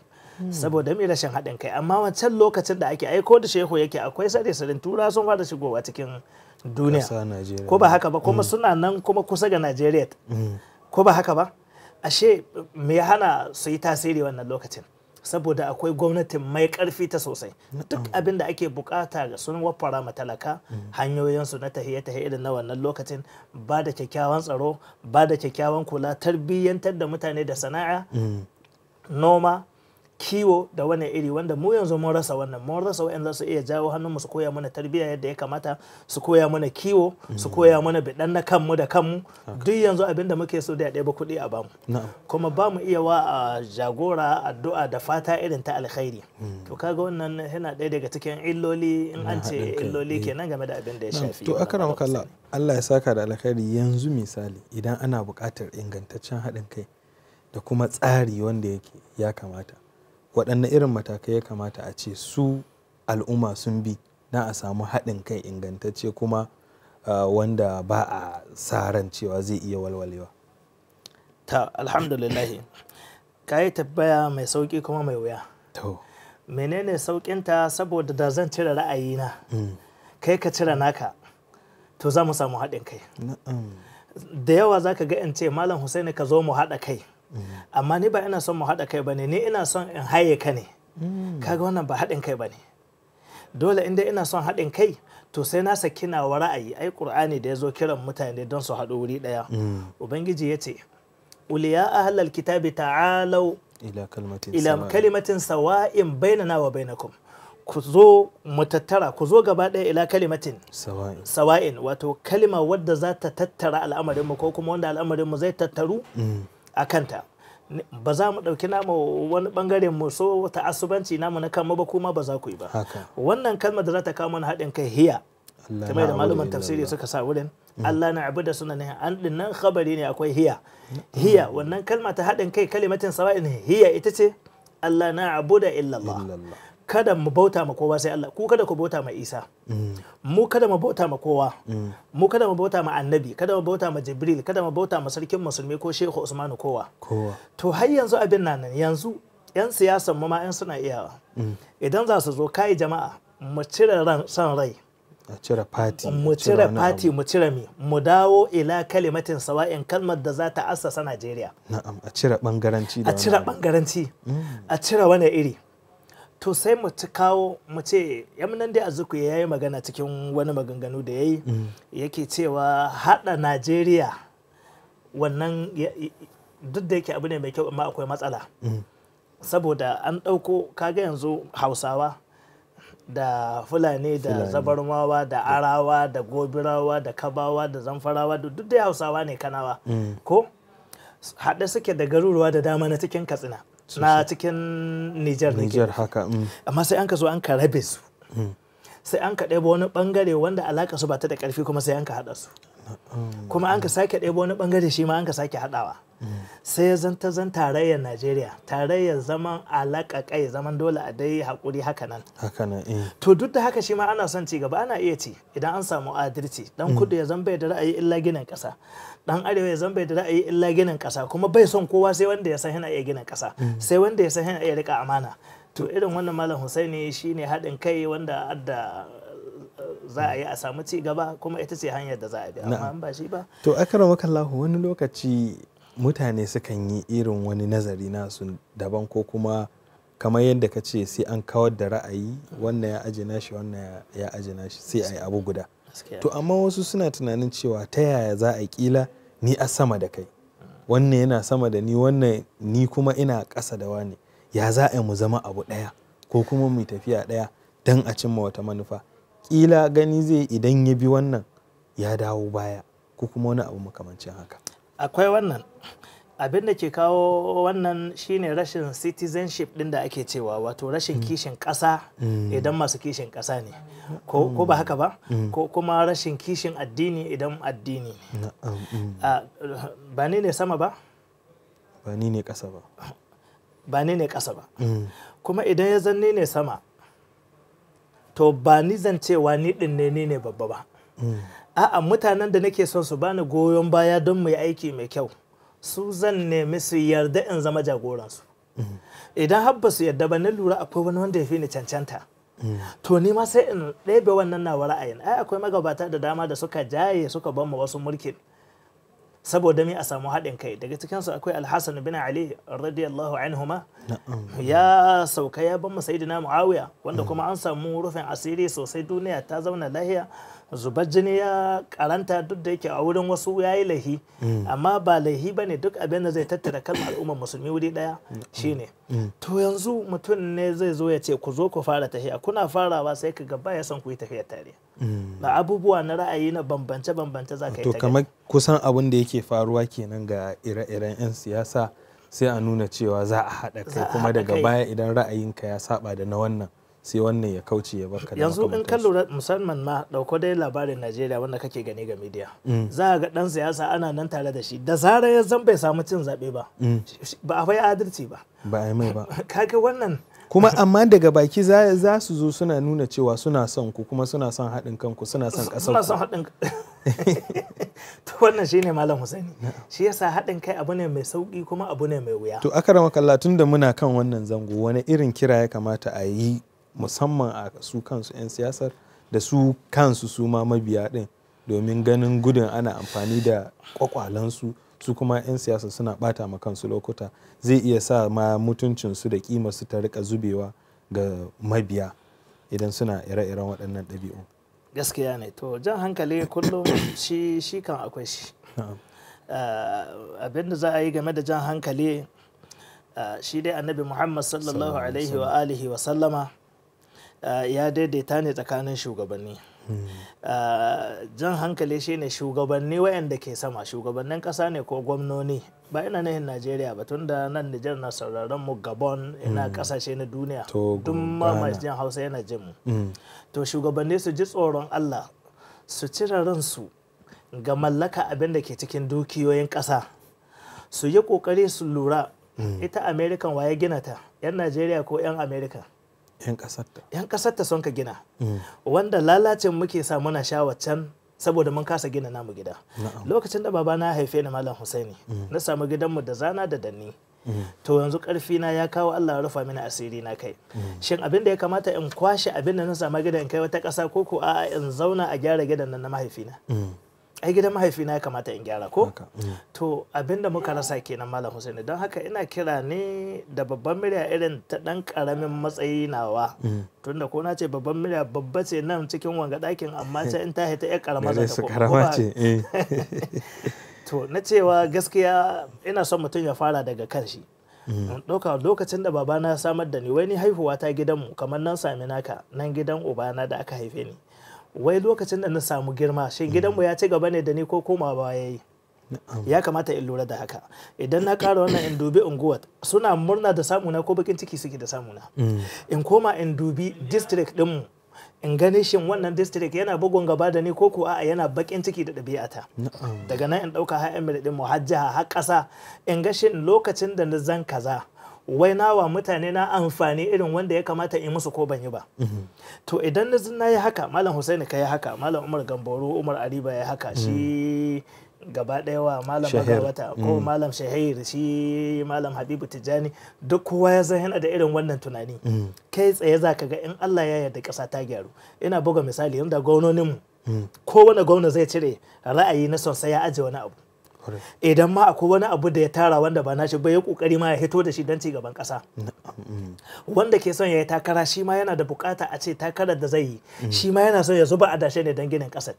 saboda mai rashin haɗin kai amma wancan lokacin da ake aiko da shehu yake akwai sare sarin tura sun fara shigowa cikin duniya ko ba haka ba kuma suna nan kuma kusa ga najeriya mm. ko ba haka ba ashe me hana su yi tasiri wannan lokacin saboda akwai gwamnati mai karfi ta sosai mm. duk mm. abin da ake bukata ga sun wafara matalaka mm. hanyoyinsu na tahiye-tahiye irin na wannan lokacin ba da kyakkyawan tsaro ba da kyakkyawan kula tarbiyyantar da mutane da sana'a noma kiwo da wani iri wanda mu yanzu mun rasa wannan mun rasa wa'in za su iya jawo hannunmu su koya mana tarbiyya yadda ya kamata su koya mana kiwo su mm. koya mana bidan na kanmu da kanmu duk yanzu abin da muke so da ya ɗaya kuɗi a bamu kuma ba mu iya wa a jagora addu'a da fata irin ta alkhairi mm. to kaga wannan yana ɗaya daga cikin illoli in an ce illoli eh. kenan game da abin da ya shafi to akara kallah Allah ya saka da alkhairi yanzu misali idan ana buƙatar ingantaccen haɗin kai da kuma tsari wanda ya kamata waɗanne irin matakai ya kamata a ce su al'umma sun bi na a samu haɗin kai ingantacce kuma uh, wanda ba a sa cewa zai iya walwalewa ta alhamdulillahi ka yi tabbaya mai sauki kuma mai wuya to menene sauƙinta saboda da zan cire ra'ayina mm. kai ka cire naka to za mu samu haɗin kai da yawa za ka ga in ce malam husaini ka zo mu haɗa kai amma ni ba ina son mu haɗa kai ba ne ni ina son in haye ka ne mm. kaga wannan ba haɗin kai ba ne dole inda ina son haɗin kai to sai na saki nawa ra'ayi ai qur'ani da ya zo kiran mutane don su haɗu wuri ɗaya mm. ubangiji ya ce uliya ahlal kitabi ta'alau ila kalimatin sawa'in bainana wa bainakum ku zo mu tattara ku zo gaba ɗaya ila kalimatin sawa'in wato kalima wadda za ta tattara al'amarinmu ko kuma wanda al'amarinmu zai tattaru mm. a kanta ba za mu ɗauki namu wani bangare mu so asubanci namu na kama ba kuma ba za ku yi ba wannan kalmar da za ta kama na haɗin kai hiya kamar da malaman tafsiri suka sa wurin mm. Allah na abu da suna ne an dinnan khabari ne akwai hiya hiya wannan kalma ta haɗin kai kalimatin sawa'in hiya ita ce Allah na abu da illallah kada mu bauta ma kowa sai Allah ku kada ku bauta ma Isa mm. mu kada mu bauta ma kowa mm. mu kada mu bauta ma Annabi kada mu bauta ma Jibril kada mu bauta ma sarkin musulmi ko Sheikh Usmanu kowa to har yanzu abin nan yanzu yan siyasan mu ma yan suna iyawa mm. idan za su zo kai jama'a mu cire ran san rai a cire fati mu cire party mu cire mi mu dawo ila kalimatin sawa'in kalmar da za ta assasa Najeriya na'am a cire bangaranci a cire bangaranci a cire wani iri to sai mu ci kawo mu ce yamnan dai azuku ya yi magana cikin wani maganganu da ya yi mm. yake cewa hada najeriya wannan duk da yake abu ne mai kyau amma akwai matsala mm. saboda an ɗauko kaga yanzu hausawa da fulani da zabarmawa da arawa da gobirawa da kabawa da zamfarawa duk da hausawa ne kanawa mm. ko haɗe suke da garuruwa da dama na cikin katsina na cikin Nijar Nijar haka mm. amma sai an ka zo an ka rabe su mm. sai an ka ɗebo wani bangare wanda alaka su ba ta da karfi kuma sai an ka haɗa su mm. kuma an ka sake ɗebo wani bangare shi ma an ka sake haɗawa sai ya zanta zan tarayyar Najeriya tarayyar zaman kai zaman dole a dai haƙuri haka nan eh. to duk da haka shi ma ana son ci gaba ana iya ci idan an samu adalci dan kudu ya zan bai da ra'ayi illa ginin ƙasa dan arewa ya zan bai da ra'ayi illa ginin kasa kuma bai son kowa sai wanda ya san yana iya ginin kasa sai wanda ya san yana iya rika amana to irin wannan malam husaini shine haɗin kai wanda adda eh, za a yi a samu ci gaba kuma ita ce hanyar da za a bi amma ba shi ba to akrama kallahu wani lokaci mutane sukan yi irin wani nazari nasu daban ko kuma kamar yadda ka ce sai an kawar da ra'ayi wannan ya ajina shi wannan ya ajina shi sai a abu guda to amma wasu suna tunanin cewa ta yaya za a kila ni a sama da kai wannan yana sama da ni wannan ni kuma ina ƙasa da wani ya za a mu zama abu ɗaya ko kuma mu tafiya ɗaya dan a cimma wata manufa kila gani zai idan ya bi wannan ya dawo baya ko kuma wani abu makamancin haka akwai wannan abin da ke kawo wannan shine rashin citizenship din da ake cewa wato rashin mm. kishin ƙasa mm. idan masu kishin ƙasa ne ko mm. ba haka ba ko kuma rashin kishin addini idan addini ah, ba ni ne sama ba ba ni ne ƙasa ba ba ni ne ƙasa ba kuma idan ya zanne ne sama to ba ni zan cewa ni ɗin ne ni ne babba ba a'a mutanen da nake son su bani goyon baya don mu yi aiki mai kyau su zan nemi su yarda in zama jagoransu idan har ba su yarda ba na lura akwai wani wanda ya fi ni cancanta to ni ma sai in ɗebe wannan nawa ra'ayin ai akwai magabata da dama da suka jaye suka ban mu wasu mulkin saboda mi a samu haɗin kai daga cikin su akwai alhassan bin ali radiyallahu anhuma ya sauka ya ban masayidina muawiya wanda kuma an samu rufin asiri sosai duniya ta zauna lahiya zubar jini ya karanta duk da yake a wurin wasu ya yi lahi amma ba lahi ba ne duk abin da zai tattara kan al'ummar musulmi wuri daya shine to yanzu mutum ne zai zo ya ce ku zo ku fara tafiya kuna farawa sai ka gaba ya san ku yi tafiya tare na abubuwa na ra'ayi na bambance bambance za ka yi to kamar kusan abin da yake faruwa kenan ga ire-iren 'yan siyasa sai a nuna cewa za a haɗa kai kuma daga baya idan ra'ayinka ya saba da na wannan sai wannan ya kauce ya barka yanzu in ka lura musamman ma dauko dai labarin najeriya wanda kake gani ga media mm. za ga dan siyasa ana nan tare da shi da zarar ya zan bai samu cin zabe ba mm. ba a bai adalci ba ba a yi mai ba [laughs] kaga wannan kuma amma daga baki za su zo suna nuna cewa suna son ku kuma suna son haɗin kanku suna son ƙasar suna son haɗin [laughs] to wannan shine malam Husaini shi yasa haɗin kai abu ne mai sauki kuma abu ne mai wuya to akarama rama tun da muna kan wannan zango wani irin kira ya kamata a yi musamman a su kansu 'yan siyasar da su kansu su ma mabiya ɗin domin ganin gudun ana amfani da kwakwalansu su kuma 'yan siyasa suna bata ma kansu lokuta zai iya sa ma mutuncinsu da kimarsu ta rika zubewa ga mabiya idan suna ire-iren waɗannan ɗabi'u gaskiya ne to jan hankali kullum shi shi kan akwai shi ah, abinda za a yi game da jan hankali ah, shi dai annabi muhammad sallallahu alaihi wa alihi wa sallama Ah, ya daidaita ne tsakanin shugabanni ah, jan hankali shine shugabanni wayanda ke sama shugabannin ƙasa ne ko gwamnoni ba ina nihin najeriya ba da nan nijar na sauraron mu gabon ina kasashe hmm. na duniya duk ma mai jan hausa yana jin mu hmm. to shugabanni su ji tsoron allah su cire ransu ga mallaka abin da ke cikin dukiyoyin ƙasa su yi kokari su lura hmm. ita american waye gina ta yan najeriya ko yan america 'yan kasarta 'yan kasarta sun ka gina mm. wanda lalacin muke sa muna shawacan saboda mun kasa gina namu gida lokacin da babana ya haife ni malam husaini mm. na samu gidan mu da zana da danni mm. to yanzu karfi na ya kawo Allah ya rufa mini asiri na kai shin abin da ya kamata in kwashe abin da na samu gidan kai wata kasa ko ko a'a in zauna a gyara gidan nan na mahaifina ai gidan mahaifina ya kamata in gyara ko mm. to abinda muka rasa kenan malam Hussein don haka ina kira ne da babban murya irin ta dan karamin matsayi nawa mm. tunda ko na ce babban murya babba ce nan cikin wanga dakin amma ta [laughs] in ta haita yar karama za ta ce eh. [laughs] to na cewa gaskiya ina son mutum ya fara daga kanshi mm. ɗauka lokacin da babana samar da ni wai ni haihuwa ta gidanmu kamar nan sami naka nan gidan ubana da aka haife ni wai lokacin da na samu girma shin mm. gidanmu ya ci gaba ne da ni ko koma ba ya yi ya kamata in lura da haka idan na kara wannan in dubi unguwar suna murna da samuna ko bakin ciki suke da samuna mm. in koma in dubi district dinmu in gani shin wannan district yana bugun gaba da ni ko ko a'a yana bakin ciki da ɗabi'ata daga nan in ɗauka har emir din har jiha har ƙasa in ga shin lokacin da na zan kaza wai nawa mutane na amfani irin wanda ya kamata in musu ko ban yi ba mhm. to idan na zin yi haka malam husaini ka yi haka malam umar gambaro umar ariba ya haka shi mhm. gaba ɗaya wa malam magawata ko mhm. malam shahir shi malam habibu tijjani duk kowa ya zan yana da irin wannan tunani kai tsaye za ka ga in allah ya yarda ƙasa ta gyaru ina buga misali yadda mu kowane gwamna zai cire ra'ayi na son sai ya aje wani abu idan ma akwai wani abu da ya tara wanda ba nashi ba ya kokari ma ya hito da shi don ci gaban kasa wanda ke son ya yi takara shi ma yana da bukata a ce takarar da zai yi mm. shi ma yana son ya zuba dashe ne don ginin kasar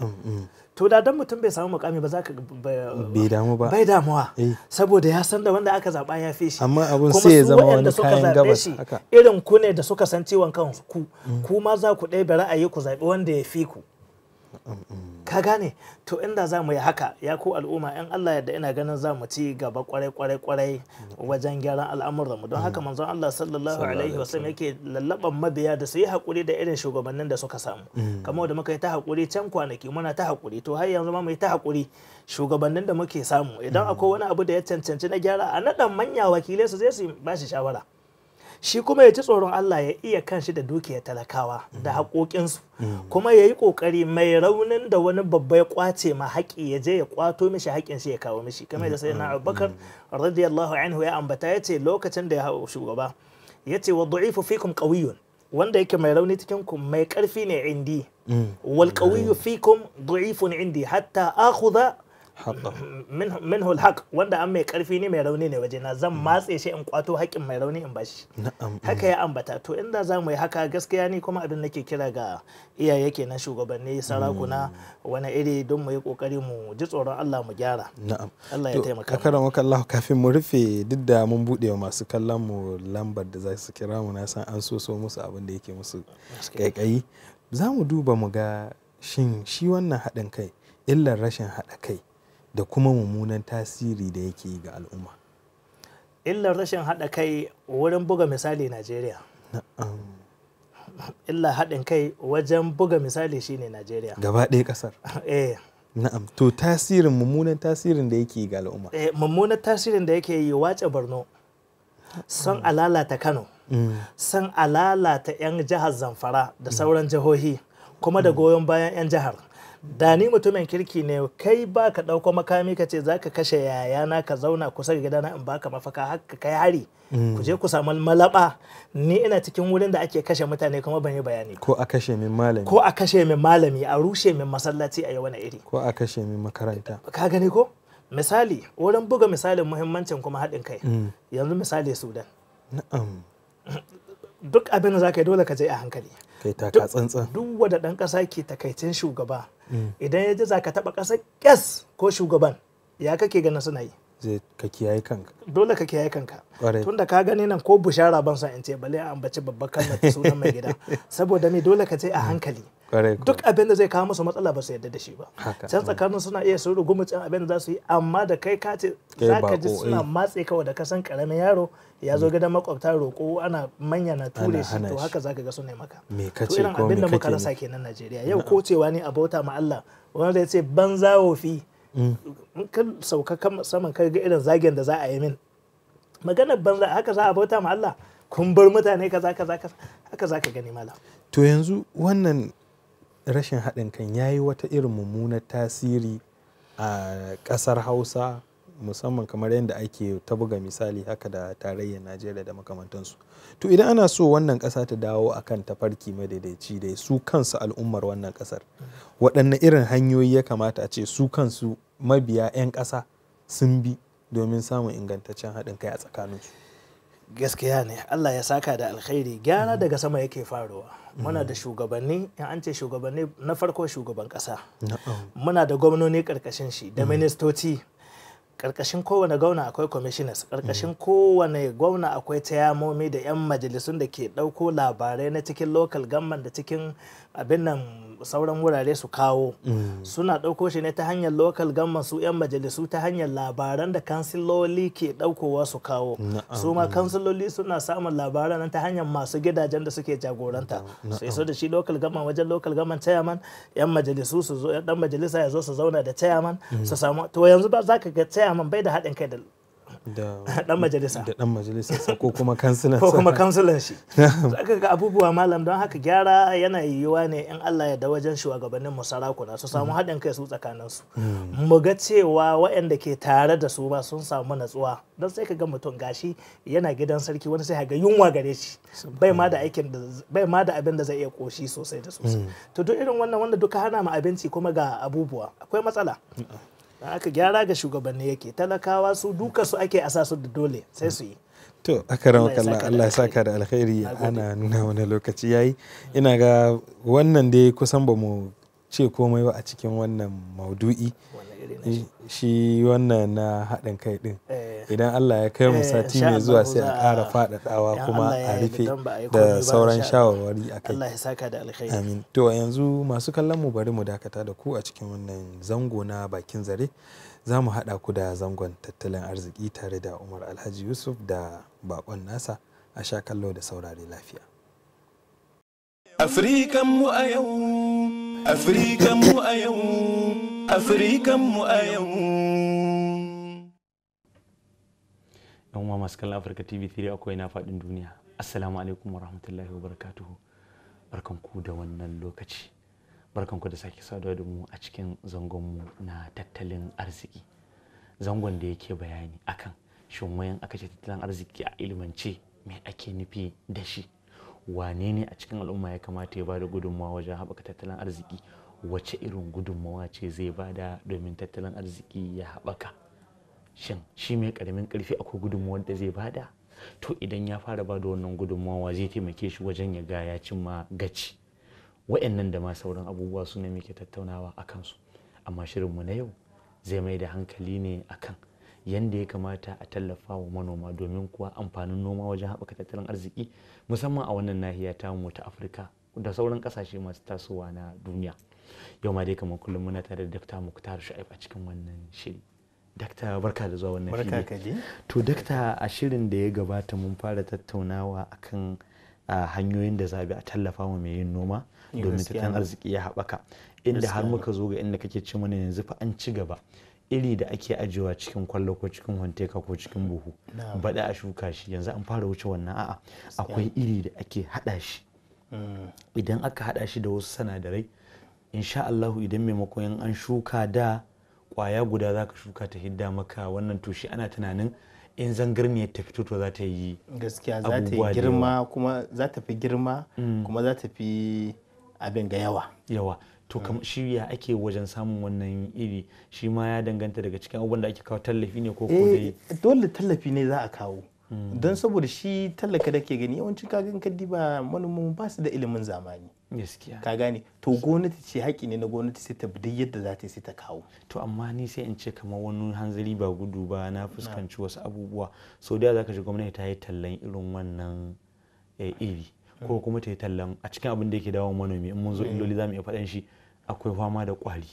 mm. to da dan mutum bai samu mukami ba za ka bai damu ba bai damuwa eh. saboda ya san da wanda aka zaba ya fi shi amma abun sai ya zama wani kayan gabas haka irin ku ne da suka san ciwon kansu ku mm. kuma za ku ɗebe ra'ayi ku zaɓi wanda ya fi ku ka gane to inda za mu yi haka ya ku al'umma in Allah yadda ina ganin za mu ci gaba kwarai kwarai kwarai wajen gyaran al'amuran mu don haka manzon Allah sallallahu alaihi wasallam yake lallaban mabiya da su yi hakuri da irin shugabannin da suka samu mm. kamar da muka yi ta hakuri can kwanaki muna ta hakuri to har yanzu ma mu yi ta hakuri shugabannin da muke samu idan mm. akwai wani abu da ya cancanci na gyara a naɗan manya wakilai su zai su bashi shawara shi kuma ya ji tsoron Allah ya iya kanshi da dukiyar talakawa da mm. haƙoƙinsu mm. kuma ya yi ƙoƙari mai raunin da wani babba ya ma haƙi ya je ya kwato mishi haƙin shi ya kawo mishi kamar da na mm. Abubakar radiyallahu anhu ya ambata ya ce lokacin da ya hau shugaba ya ce wa du'ifu fikum qawiyyun wanda yake mai rauni cikin ku mai ƙarfi ne indi wal qawiyyu fikum du'ifun indi hatta akhudha minhu alhaq wanda an mai karfi ne mai rauni ne waje na zan mm. matse shi in kwato haƙin mai rauni in bashi haka ya ambata to inda za mu yi haka gaskiya ne kuma abin nake kira ga iyaye kenan shugabanni sarakuna mm. wani iri don mu yi kokari mu ji tsoron Allah mu gyara na'am Allah ya taimaka karan waka kafin mu rufe duk da mun bude wa masu kallon mu lambar da za su kira mu na san an so musu abin da yake musu kaikayi za mu duba mu ga shin shi wannan haɗin kai illar rashin haɗa kai da kuma mummunan tasiri da yake yi ga al'umma illar rashin haɗa kai wurin buga misali najeriya illa haɗin kai wajen buga misali shine najeriya gaba ɗaya ƙasar [laughs] eh na'am to tasirin mummunan tasirin da yake yi ga al'umma eh mummunan tasirin da yake yi wace borno son alalata kano mm. son alalata 'yan jihar zamfara da mm. sauran jihohi kuma da mm. goyon bayan 'yan jihar da ni mutumin kirki ne kai ba ka ɗauko makami ka ce za ka kashe yayana ka zauna kusa da gidana in baka mafaka haka kai hari mm. ku je ku samu malaba ni ina cikin wurin da ake kashe mutane kuma ban yi bayani ko a kashe min malami ko a kashe min malami a rushe min masallaci a yawan iri ko a kashe min makaranta ka gani ko misali wurin buga misalin muhimmancin kuma haɗin kai mm. yanzu misali sudan na'am duk abin da za ka yi dole ka je a hankali kai ta tsantsan duk wanda ɗan ƙasa ke takaicin shugaba idan ya ji za ka taɓa ƙasa kyas ko shugaban ya kake ganin suna yi zai ka kanka dole ka kiyaye kanka tunda ka gani nan ko bushara ban san in ce bale a ambaci babbar da sunan mai gida [laughs] saboda me dole ka ce a hankali duk abin da zai kawo masa matsala ba su yadda da shi ba can tsakanin suna iya su rugumacin abin da za su yi amma da kai ka ce za ka ji suna eh. matse kawai da kasan karamin yaro ya zo mm. gidan makwabta roƙo ana manya na ture shi to haka za ka ga su ne maka to irin abin da muka rasa kenan Najeriya yau ko cewa ne abota ma Allah wanda ya ce banza fi mm. in ka sauka saman kai ga irin zagin da za a yi min magana banza haka za a bauta ma Allah kun bar mutane kaza kaza haka za ka gani malam to yanzu wannan rashin haɗin kan ya yi wata irin mummunar tasiri a ƙasar hausa musamman kamar yadda ake ta buga misali haka da tarayyar najeriya da makamantansu to idan ana so wannan ƙasa ta dawo akan tafarki madaidaici da su kansu al'ummar wannan ƙasar waɗanne irin hanyoyi ya kamata a ce su kansu mabiya 'yan ƙasa sun bi domin samun ingantaccen haɗin kai a tsakaninsu gaskiya ne allah ya saka da alkhairi gyara daga sama yake faruwa muna mm. da shugabanni in an ce shugabanni na farko shugaban kasa. muna da gwamnoni karkashin shi da mm. ministoci karkashin kowane gwamna akwai commissioners karkashin mm. kowane gwamna akwai tayamomi da 'yan majalisun da ke ɗauko labarai na cikin local government da cikin abin nan sauran wurare su kawo mm. suna ɗauko shi ne ta hanyar local gamman su 'yan majalisu ta hanyar labaran da kansiloli ke ɗaukowa su kawo su ma kansiloli suna samun labaran ta hanyar masu gidajen da suke jagoranta su iso da shi local gamman wajen local gamman chairman 'yan majalisu su zo 'yan majalisa ya zo su zauna da chairman mm. su samu to yanzu ba za ka ga chairman bai da haɗin kai da [laughs] dan majalisa da dan majalisa ko kuma kansulan [laughs] ko kuma kansulan shi aka [laughs] ga abubuwa malam don haka gyara yana yiwuwa ne in Allah ya da wajen shugabannin mu sarakuna su samu mm. haɗin kai su tsakanin su mm. mu ga cewa waɗanda ke tare da su ba sun samu natsuwa don sai ka ga mutum gashi yana gidan sarki wani sai ga yunwa gare shi bai ma da aikin bai ma da abin da zai iya koshi sosai da sosai mm. to duk irin wannan wanda duka hana ma abinci kuma ga abubuwa akwai matsala da aka gyara ga shugabanni yake talakawa su duka su ake a su da dole sai su yi to aka akaran kalla Allah ya saka da alkhairi ana nuna wani lokaci yayi ina ga wannan dai kusan ba mu ce komai ba a cikin wannan maudu'i shi wannan na haɗin kai ɗin eh. idan Allah ya kai mu eh, sati mai zuwa sai a ƙara faɗaɗawa kuma a rufe da sauran shawarwari a kai amin to yanzu masu kallon mu bari mu dakata da ku a cikin wannan zango na bakin zare za mu haɗa ku da zangon tattalin arziki tare da Umar Alhaji Yusuf da bakon nasa a sha kallo da saurare lafiya Afirikan mu a yau Afirikan mu a yau, Afirikan mu a yau. Yan uwa masu kallon Afirka TV 3 akwai na faɗin duniya. Assalamu alaikum wa rahmatullahi wa barakatuhu. Barkanku da wannan lokaci. Barkanku da sake saduwa da mu a cikin zangonmu na tattalin arziki. Zangon da yake bayani akan shin wayan aka ce tattalin arziki a ilimance me ake nufi da shi. wane ne a cikin al'umma ya kamata ya ba da gudunmawa wajen haɓaka tattalin arziki wace irin gudunmawa ce zai ba da domin tattalin arziki ya haɓaka shin shi mai karamin ƙarfi akwai gudunmawar da zai bada to idan ya fara ba da wannan gudunmawa zai taimake shi wajen ya ga ya cimma gaci wa'annan da ma sauran abubuwa su ne muke tattaunawa a kansu amma shirinmu na yau zai mai da hankali ne akan yadda ya kamata a tallafa wa manoma domin kuwa amfanin noma wajen haɓaka tattalin arziki musamman a wannan nahiya ta mu ta afirka da sauran kasashe masu tasowa na duniya yau ma dai kamar kullum muna tare da dakta muktar shu'aib a cikin wannan shiri dakta barka da zuwa wannan shiri to dakta a shirin da ya gabata mun fara tattaunawa akan hanyoyin da zabi a tallafa wa mai yin noma eh, domin tattalin arziki ya haɓaka inda har muka zo ga inda kake ci mana yanzu fa an ci gaba iri da ake ajiyewa cikin kwallo ko cikin hanteka ko cikin buhu baɗi a shuka shi yanzu an fara wuce wannan a'a akwai iri da ake haɗa shi mm. idan aka haɗa shi da wasu sanadarai insha Allahu idan maimakon an shuka da kwaya guda za ka shuka ta hidda maka wannan tushe ana tunanin in zangarniyar ta fito to za ta yi gaskiya za ta yi girma za ta fi girma mm. kuma za ta fi abin ga yawa to kam shi ake wajen samun wannan iri shi ma ya danganta daga cikin abubuwan da ake kawo tallafi ne ko ko eh, dai dole tallafi ne za a kawo hmm. don saboda shi tallaka da ke gani yawancin kagan kaddi ba manoman ba su da ilimin zamani gaskiya ka gane to gwamnati ce haƙi ne na gwamnati sai ta bi yadda za ta sai ta kawo to amma ni sai in ce kamar wani hanzari ba gudu ba na fuskanci wasu abubuwa sau da za ka ji gwamnati ta yi tallan irin wannan eh, iri hmm. ko kuma ta yi tallan a cikin abin da yake dawo manomi in mun zo eh. illoli za mu iya faɗan shi akwai fama da kwari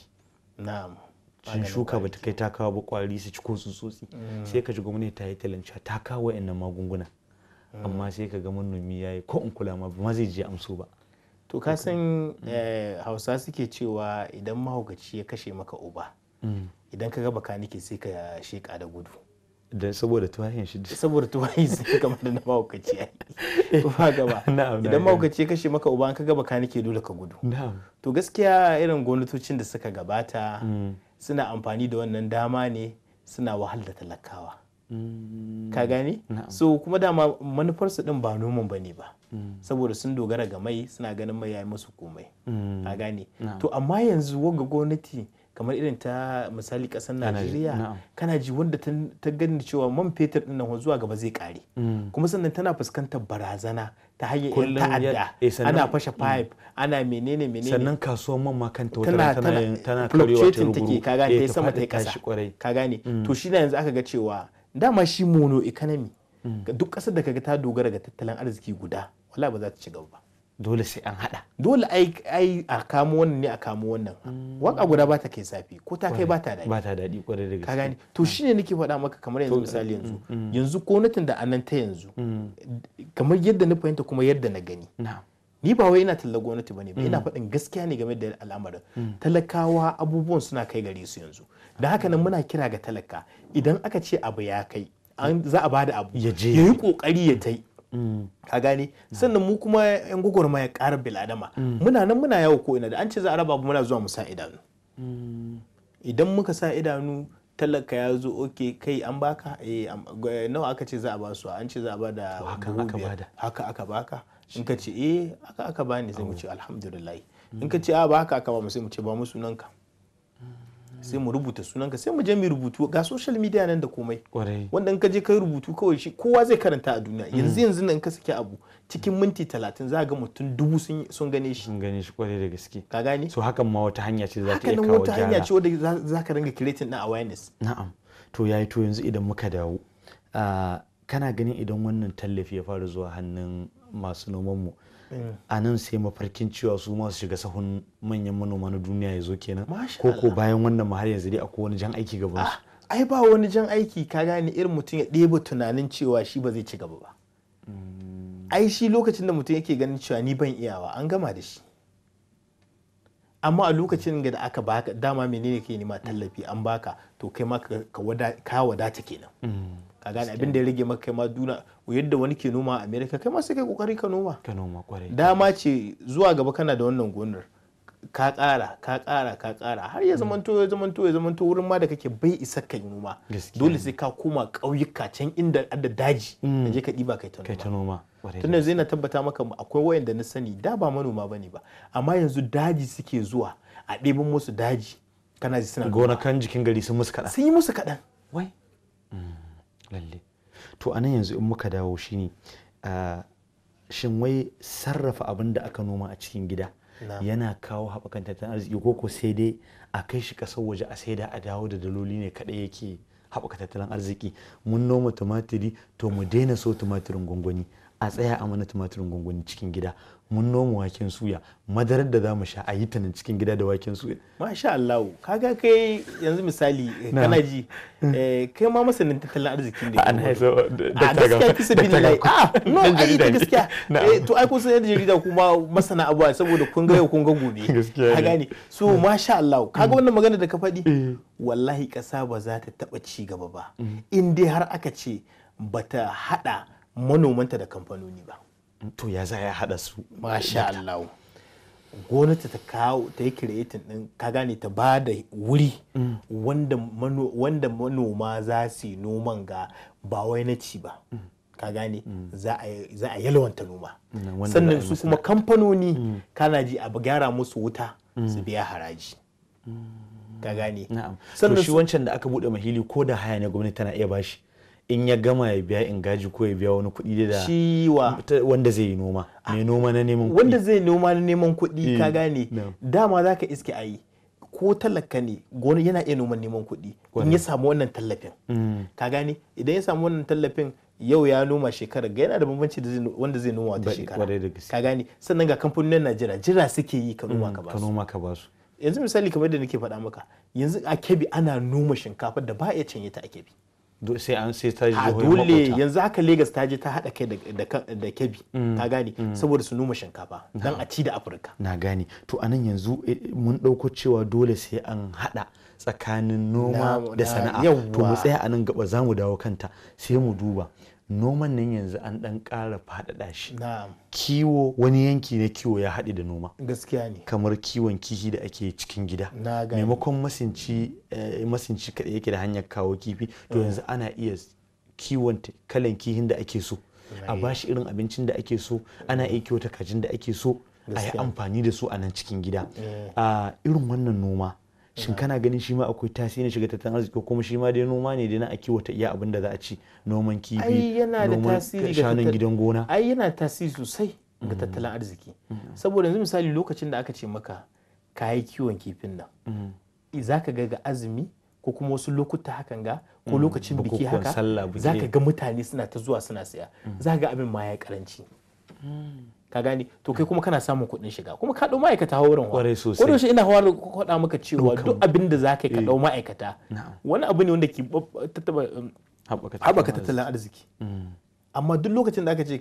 shuka ba ta kai ta kawo ba kwari su ci ko tsutsotsi mm. sai ka ji gwamnati ta yi talanca ta kawo wa'annan magunguna mm. amma sai ka ga manomi ya yi ko in kula ma ba zai je amso ba to ka san mm. eh, hausa suke cewa idan mahaukaci ya kashe maka uba idan ka ga baka nike sai ka sheka da gudu dan saboda tuwahin shi saboda tuwahin sai kamar da na mahaukaci ba gaba [laughs] idan mahaukaci ya kashe maka uba an ka gaba ka nake dole ka gudu to gaskiya irin gwamnatocin da suka gabata mm. suna amfani da wannan dama ne suna wahal da talakawa mm. ka gani so kuma dama su din ba noman bane ba mm. saboda sun dogara ga mai suna ganin mai yayi musu komai ka gani to amma yanzu wanga gwamnati kamar irin ta misali kasar najeriya kana ji wanda ta gani cewa man fetur din nan zuwa gaba zai kare mm. kuma sannan tana fuskantar barazana ta hanyar yan ta'adda eh, ana mm. fashe pipe ana menene menene sannan kasuwar man ma kanta wata tana tana karewa ta ruguru ka gane eh, ta sama ta kasa ka gane mm. to shi na yanzu aka ga cewa dama shi mono economy duk kasar da kaga ta dogara ga tattalin arziki guda wala ba za ta ci gaba ba dole sai an hada dole ai ai a kamo wannan ne a kamo wannan mm. waka guda bata kai zafi ko ta kai bata daɗi bata daɗi kwarai da gaske ka gani to mm. shine nake faɗa maka kamar yanzu misali mm, yanzu yanzu gwamnatin da anan ta yanzu kamar yadda na fahimta kuma yadda na gani ni ba wai ina talla gwamnati bane ba ina faɗin gaskiya ne game da al'amarin talakawa abubuwan suna kai gare su yanzu da haka nan muna kira ga talaka idan aka ce abu ya kai za a bada abu ya yi kokari ya tai ka gane sannan mu kuma yan ya ƙarar biladama muna nan muna yawo ko ina da an ce za a raba muna zuwa mu sa idanu idan muka sa idanu talaka ya zo oke kai an baka eh, nawa aka ce za a ba su an ce za a ba da haka aka baka in ka ce eh haka aka bani sai mu ce alhamdulillah mm. in ka ce a ba haka aka ba mu sai mu ce ba mu sunanka sai mu rubuta sunanka sai mu je mu rubutu ga social media nan da komai wanda in ka je kai rubutu kawai shi kowa zai karanta a duniya mm. yanzu yanzu nan ka saki abu cikin minti talatin za ga mutum dubu sun gane shi sun gane shi kwarai da gaske ka gane so hakan ma wata hanya ce za ta iya kawo gyara wata hanya ce wanda za ka ringa creating na awareness na'am to yayi to yanzu idan muka dawo ah, kana ganin idan wannan tallafi ya fara zuwa hannun masu noman mu a nan sai mafarkin cewa su masu shiga sahun manyan manoma na duniya ya zo kenan ko ko bayan wannan ma har yanzu dai akwai wani jan aiki gaba su ah, ai ba wani jan aiki ka gane irin mutum ya ɗeba tunanin cewa shi ba zai ci gaba ba hmm. ai shi lokacin da mutum yake ganin cewa ni ban iyawa an gama da shi amma a lokacin da aka baka dama menene ke nema tallafi an baka to kai ma ka wadata kenan hmm. a gane abin da ya rage maka kai ma duna yadda wani ke noma a america kai ma sai kai kokari ka noma ka noma kwarai dama ce zuwa gaba kana da wannan gonar ka kara ka kara ka kara har ya mm. zamanto ya zamanto ya zamanto wurin ma da kake bai isa ka yi noma dole sai ka koma ƙauyuka can inda adda daji da mm. je ka ɗiba kai ta noma tunda zai na tabbata maka akwai wayanda na sani da ba manoma bane ba amma yanzu daji suke zuwa a ɗebin musu daji kana ji suna kan jikin gari sun musu kaɗan sun yi musu kaɗan wai mm. lalle to anan yanzu in muka dawo shine shin wai sarrafa abin da aka noma a cikin gida yana kawo haɓakan tattalin arziki ko ko sai dai a kai shi ƙasar waje a sai da a dawo da daloli ne kaɗai yake haɓaka tattalin arziki mun noma tumatiri to mu daina so tumatirin gwangwani a tsaya a mana tumatirin gwangwani cikin gida mun noma waken suya madarar da za mu sha a yi ta cikin gida da waken suya masha Allah kaga kai yanzu misali eh, kana ji eh, kai ma masanin tattalin arziki da an ah, haifa a gaskiya ki sabi ne ah no ai yi ta gaskiya eh, to ai ko sai jarida kuma masana abuwa saboda kun ga yau kun ga gobe ka gane so hmm. masha Allah kaga hmm. wannan magana da ka faɗi wallahi ƙasa ba za ta taɓa ci gaba ba hmm. in dai har aka ce bata haɗa manomanta da kamfanoni ba to ya za ya haɗa su masha Allah gwamnati ta kawo ta yi kiretin din ka gane ta ba da wuri mm. wanda manoma za su yi noman ga ba wai na ci ba mm. ka gane mm. za a yalwanta noma sannan su kuma kamfanoni kana ji a gyara musu wuta su biya haraji ka gane sannan shi wancan da aka bude mahili ko da haya ne gwamnati tana iya bashi in ya gama ya biya in gaji ko ya biya wani kuɗi da wanda zai yi noma ah. mai noma na neman kuɗi wanda zai noma na neman kuɗi eh, ka gane dama za ka iske ayi ko talaka ne gona yana iya noman neman kuɗi in ya samu wannan tallafin mm. ka gane idan ya samu wannan tallafin yau ya noma shekara ga yana da bambanci da wanda zai noma wata shekara ka gane sannan ga kamfanin Najeriya jira suke yi ka mm, noma ka ba su yanzu misali kamar da nake faɗa maka yanzu a kebi ana noma shinkafa da ba a iya canye ta a kebi sai an sai ta a dole yanzu haka Legas ta je ta hada kai da kebi ta mm, gane mm. saboda su noma shinkafa dan a ci da Afirka na gane to anan yanzu eh, mun dauko cewa dole sai an hada tsakanin noma da sana'a to mu tsaya anan gaba zamu dawo kanta sai mu duba noman nan yanzu an dan ƙara faɗaɗa shi kiwo wani yanki na kiwo ya haɗe da noma gaskiya ne kamar kiwon kifi da ake cikin gida maimakon masinci eh, masinci kaɗai yake da hanyar kawo kifi to yanzu eh. ana iya kiwon kalan kihin da ake so a bashi irin abincin da ake so ana iya kiwata kajin da ake so a yi amfani da su a nan cikin gida eh. a ah, irin wannan noma shin kana ganin shi ma akwai tasiri shiga tattalin arziki kuma shi ma dai noma ne dai na ake wata iya abin za a ci noman kifi noman shanun gidan gona ai yana tasiri sosai ga mm. tattalin arziki mm. saboda yanzu misali lokacin da aka ce maka kayi kiwon kifin nan mm. za ka ga azumi ko kuma wasu lokuta hakan ga ko lokacin biki haka za ka ga mutane suna ta zuwa suna saya za ga abin ma ya karanci ka gani to kai kuma kana samun kuɗin shiga kuma ka ɗau ma'aikata hauren wa kwarai shi ina hawar kwaɗa maka cewa duk abin da za ka yi ka eh. ɗau ma'aikata wani abu ne wanda ke um, haɓaka tattalin arziki mm. amma duk lokacin da aka ce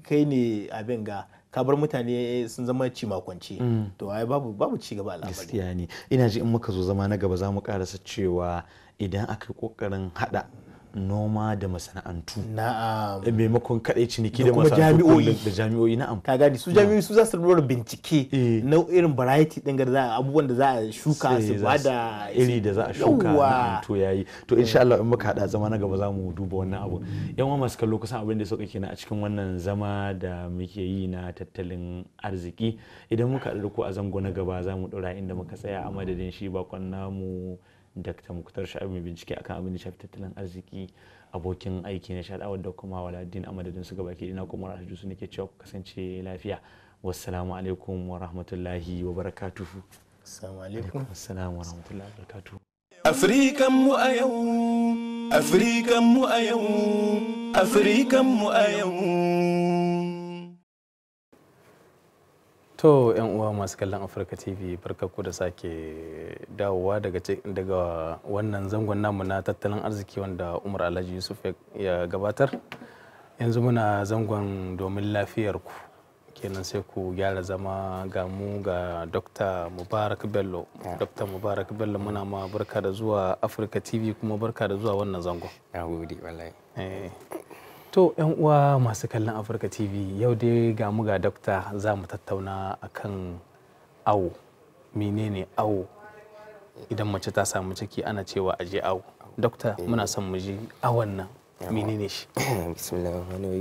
kai ne abin ga ka bar mutane sun zama ci mm. to ai babu babu ci gaba al'amari gaskiya ne ina ji in muka zo zama na gaba za mu karasa cewa idan aka yi kokarin hada noma da masana'antu na'am eh, maimakon kadai ciniki da masana'antu da jami'o'i na'am ka gani su jami'o'i su za su rubuta bincike eh. na irin variety din da za abubuwan da za a shuka su ba da iri da za a shuka to yayi to insha Allah in muka hada zama na gaba za mu duba wannan abu yan wa masu kallo kusan abin da suka kenan a cikin wannan zama da muke yi na tattalin arziki idan muka haɗu ku a zango na gaba za mu ɗora inda muka tsaya a madadin shi bakon namu dr muktar sha'ib mai bincike akan abin da shafi tattalin arziki abokin aiki na shaɗawar wadda kuma waladin a madadin su gabaki ina kuma rahaju su nake cewa ku kasance lafiya wassalamu alaikum wa rahmatullahi wa barakatuhu assalamu alaikum assalamu wa rahmatullahi wa barakatuhu afirikan mu a yau afirikan mu a yau afirikan mu a yau To yan uwa masu kallon Afirka TV barkaku da sake dawowa daga wannan zangon namu na tattalin arziki wanda Umar Alhaji Yusuf ya gabatar. Yanzu muna zangon domin lafiyar ku kenan sai ku gyara zama ga mu ga Dr. Mubarak Bello. Dr. Mubarak Bello muna ma barka da zuwa Afirka TV kuma barka da zuwa wannan zangon. To ‘yan uwa masu kallon Afirka TV yau dai ga mu ga dokta za mu tattauna akan awo. Menene awo? Idan mace ta samu ciki ana cewa aje awo. Dokta eh. muna son mu ji awon nan. Menene shi? [coughs]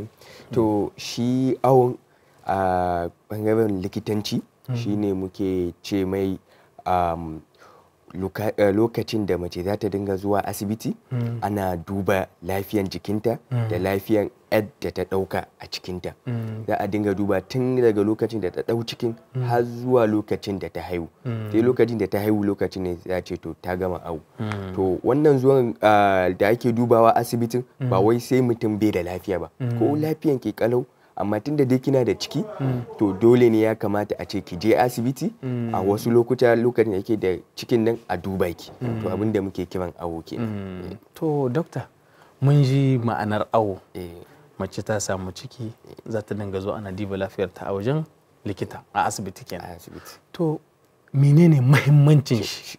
To shi awon a bangaren likitanci hmm. shine muke ce mai Eh, lokacin da mace za ta dinga zuwa asibiti mm. ana duba lafiyan jikinta da mm. lafiyan yad da ta ɗauka a cikinta mm. za a dinga duba tun daga lokacin da ta ɗau cikin har zuwa lokacin da ta haihu sai lokacin da ta haihu lokacin ne za ce to ta gama au to wannan zuwan ah, da ake dubawa asibitin ba wai sai mutum bai da lafiya ba ko lafiyan ke kalau amma tun da dai kina da ciki hmm. to dole ne ya kamata a ce ki je asibiti hmm. a wasu lokuta lokacin da yake da cikin nan a duba ki to hmm. abin da muke kiran awo ke. Eh. to dokta mun ji ma'anar awo eh. mace ta samu ciki za ta dinga zo ana diba lafiyar ta a wajen likita a asibiti kenan to menene mahimmancin shi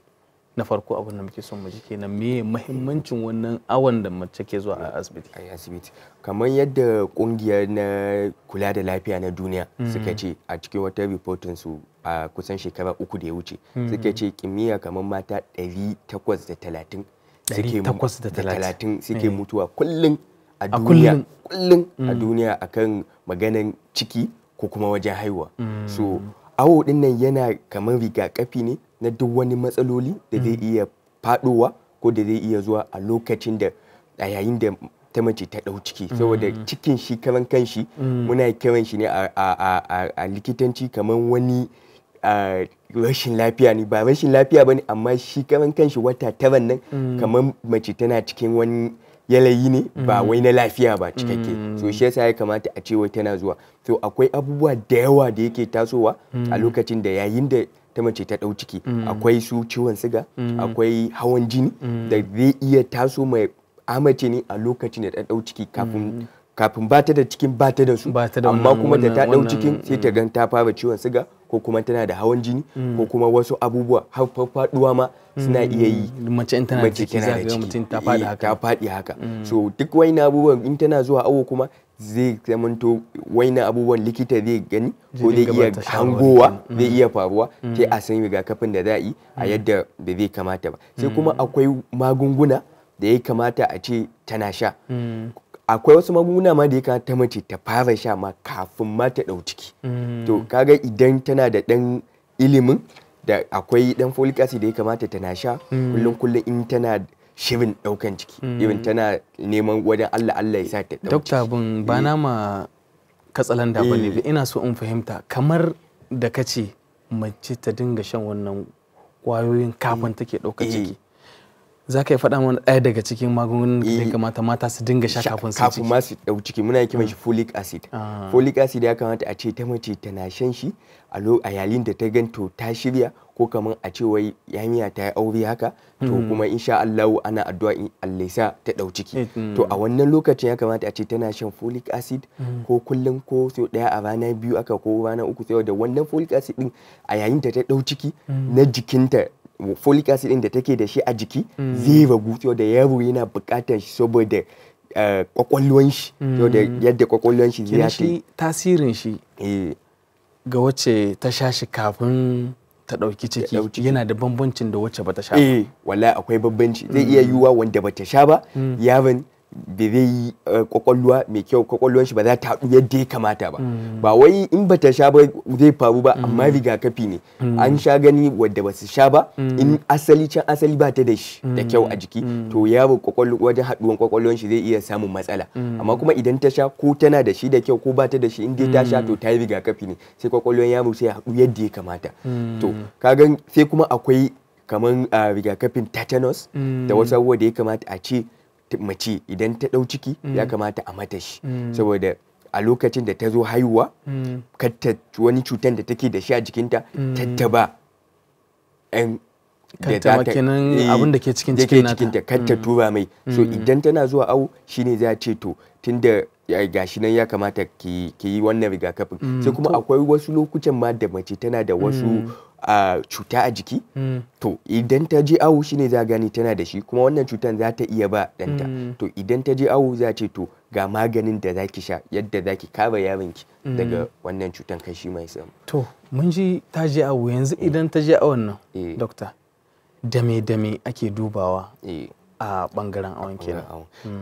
na farko abin da muke son mu ji kenan me muhimmancin wannan awon da mace ke zuwa a asibiti a asibiti kamar yadda kungiyar na kula da lafiya na duniya mm. suka ce a cikin wata reportin su a kusan shekara uku da ya wuce mm. suka ce kimiyya kamar mata 830 suke eh. mutuwa kullum a duniya kullum a mm. duniya akan maganan ciki ko kuma wajen haihuwa so awo dinnan yana kamar rigakafi ne na duk wani matsaloli da zai mm. iya faɗowa ko da zai iya zuwa a lokacin da a yayin da ta mace ta ɗau ciki mm. saboda cikin shi karan kanshi mm. muna kiran shi ne a likitanci kamar wani rashin lafiya ne ba rashin lafiya ba ne amma shi karan kanshi wata taran nan kamar mace tana cikin wani yalayi ne ba mm. wai na lafiya ba cikakke mm. so shi yasa ya kamata a ce wai tana zuwa so akwai abubuwa da yawa da yake tasowa a mm. lokacin da yayin da ta mace ta ɗau ciki akwai su ciwon siga akwai hawan jini da zai iya taso mai amace ne a lokacin da ta ɗau ciki kafin kafin ba ta da cikin ba ta da su amma kuma da ta ɗau cikin sai ta gan ta fara ciwon siga ko kuma tana da hawan jini ko mm. kuma wasu abubuwa faɗuwa ma suna iya yi mm. mace in tana ciki za ga mutum ta faɗi eh, haka ta faɗi haka mm. so duk waina abubuwan in tana zuwa awo kuma zai zamanto waina abubuwan likita zai gani ko zai iya hangowa zai iya faruwa sai a san rigakafin da za a yi a yadda da zai kamata ba sai kuma akwai magunguna da ya kamata a ce tana sha akwai wasu magunguna ma da ya kamata mace ta fara sha ma kafin ma ta ɗau ciki mm. to kaga idan tana da ɗan ilimin da akwai ɗan folic acid da ya kamata tana sha mm. kullum kullum in tana shirin ɗaukan ciki irin mm. tana neman wajen Allah Allah ya sa ta ɗau ciki bin ba na ma eh. ba ina so in fahimta kamar da kace mace ta dinga shan wannan kwayoyin kafin take ɗaukan eh. ciki za ka yi faɗa mana ɗaya daga cikin magungunan da ya eh, kamata mata su dinga sha kafin su ciki kafin su ciki muna kiran shi ah. folic acid ah. folic acid ya kamata a ce ta mace tana shan shi a yayin da ta ganto ta shirya ko kamar a ce wai yamiya ta yi aure haka to mm-hmm. kuma insha Allah ana addu'a in Allah sa ta ɗau ciki mm. to a wannan lokacin ya kamata a ce tana shan folic acid mm. ko kullum ko sau ɗaya a rana biyu aka ko rana uku sai da wannan folic acid din a yayin da ta ɗau ciki mm. na jikinta folic acid din da take da shi a jiki zai mm. ragu so da yaro yana buƙatar shi saboda kwakwalwan eh, shi so da mm. yadda kwakwalwan shi zai shi tasirin shi eh. ga wacce ta sha shi kafin ta ɗauki ciki yana da bambancin da wacce bata sha ba eh, Wala akwai bambanci zai iya mm. yiwuwa wanda bata sha ba yaron ba zai yi eh, kwakwalwa mai kyau kwakwalwan shi ba za ta haɗu yadda ya kamata ba mm. ba wai in ba ta sha ba zai faru ba mm. amma rigakafi ne mm. an sha gani wadda ba su sha ba in asali can asali ba ta da shi da kyau a jiki to yaro wajen haɗuwan kwakwalwan shi zai iya samun matsala amma kuma idan ta sha ko tana da shi da kyau ko ba ta da shi in dai ta sha to ta yi rigakafi ne sai kwakwalwan yaro sai ya haɗu yadda ya kamata to ka gan sai kuma akwai kamar ah, rigakafin tetanus da wasu abubuwa da ya kamata a ce mace idan ta ɗau ciki mm. ya kamata a mata shi mm. saboda a lokacin da ta zo haihuwa mm. kata wani cutan da take da shi a jikinta tattaba ta eh, abin da ke cikin cikinta kata tura mai so idan tana zuwa awo shine za ce to tunda gashi nan ya kamata ki yi wannan rigakafin sai kuma akwai wasu lokutan ma da mace tana da wasu A cuta a jiki hmm. to idan ta je awo shine za gani tana da shi kuma wannan cutan za ta iya ba danta. Hmm. to idan ta je awo za ce to ga maganin da za ki sha yadda za ki kaba yaronki hmm. daga wannan cutan kai shi mai samu to mun ji ta je awo yanzu eh. idan ta je awon nan eh. dokta dame dame ake dubawa eh. a bangaren awon kenan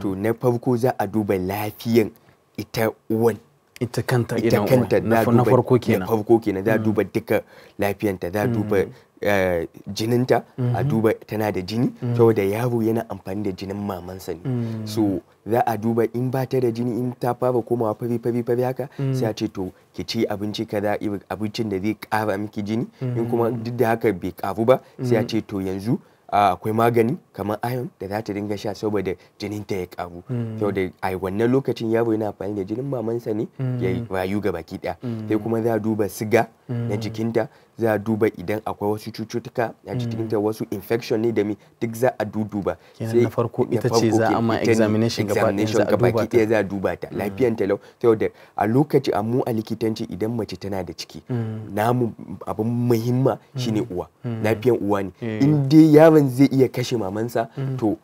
to na farko za a duba lafiyan ita uwan ita kanta ita kanta na farko kenan na farko kenan za mm. duba duka lafiyanta za mm. duba eh, jininta a mm-hmm. duba tana da jini mm-hmm. saboda yaro yana amfani da jinin mamansa ne mm. so za a duba in ba ta da jini in ta fara komawa fari fari fari haka sai a ce to ki ci abinci kaza abincin da zai kara miki jini in kuma duk da haka bai karu ba sai a ce to yanzu Ah, akwai magani kamar iron da za ta dinga sha saboda jinin ta ya karu mm. sau da a wannan lokacin yaro yana amfani da jinin mamansa ne mm. ya rayu ga baki daya mm. sai kuma za a duba siga na jikinta za a duba idan akwai wasu cututtuka a jikinta wasu infection ne da mi duk za a duduba sai na farko ita ce za a ma examination ga baki daya za a duba ta lafiyan ta lau da a lokaci amu a likitanci idan mace tana da ciki namu abin muhimma shine uwa lafiyan uwa ne eh. in dai yaron zai iya kashe mamansa mm. to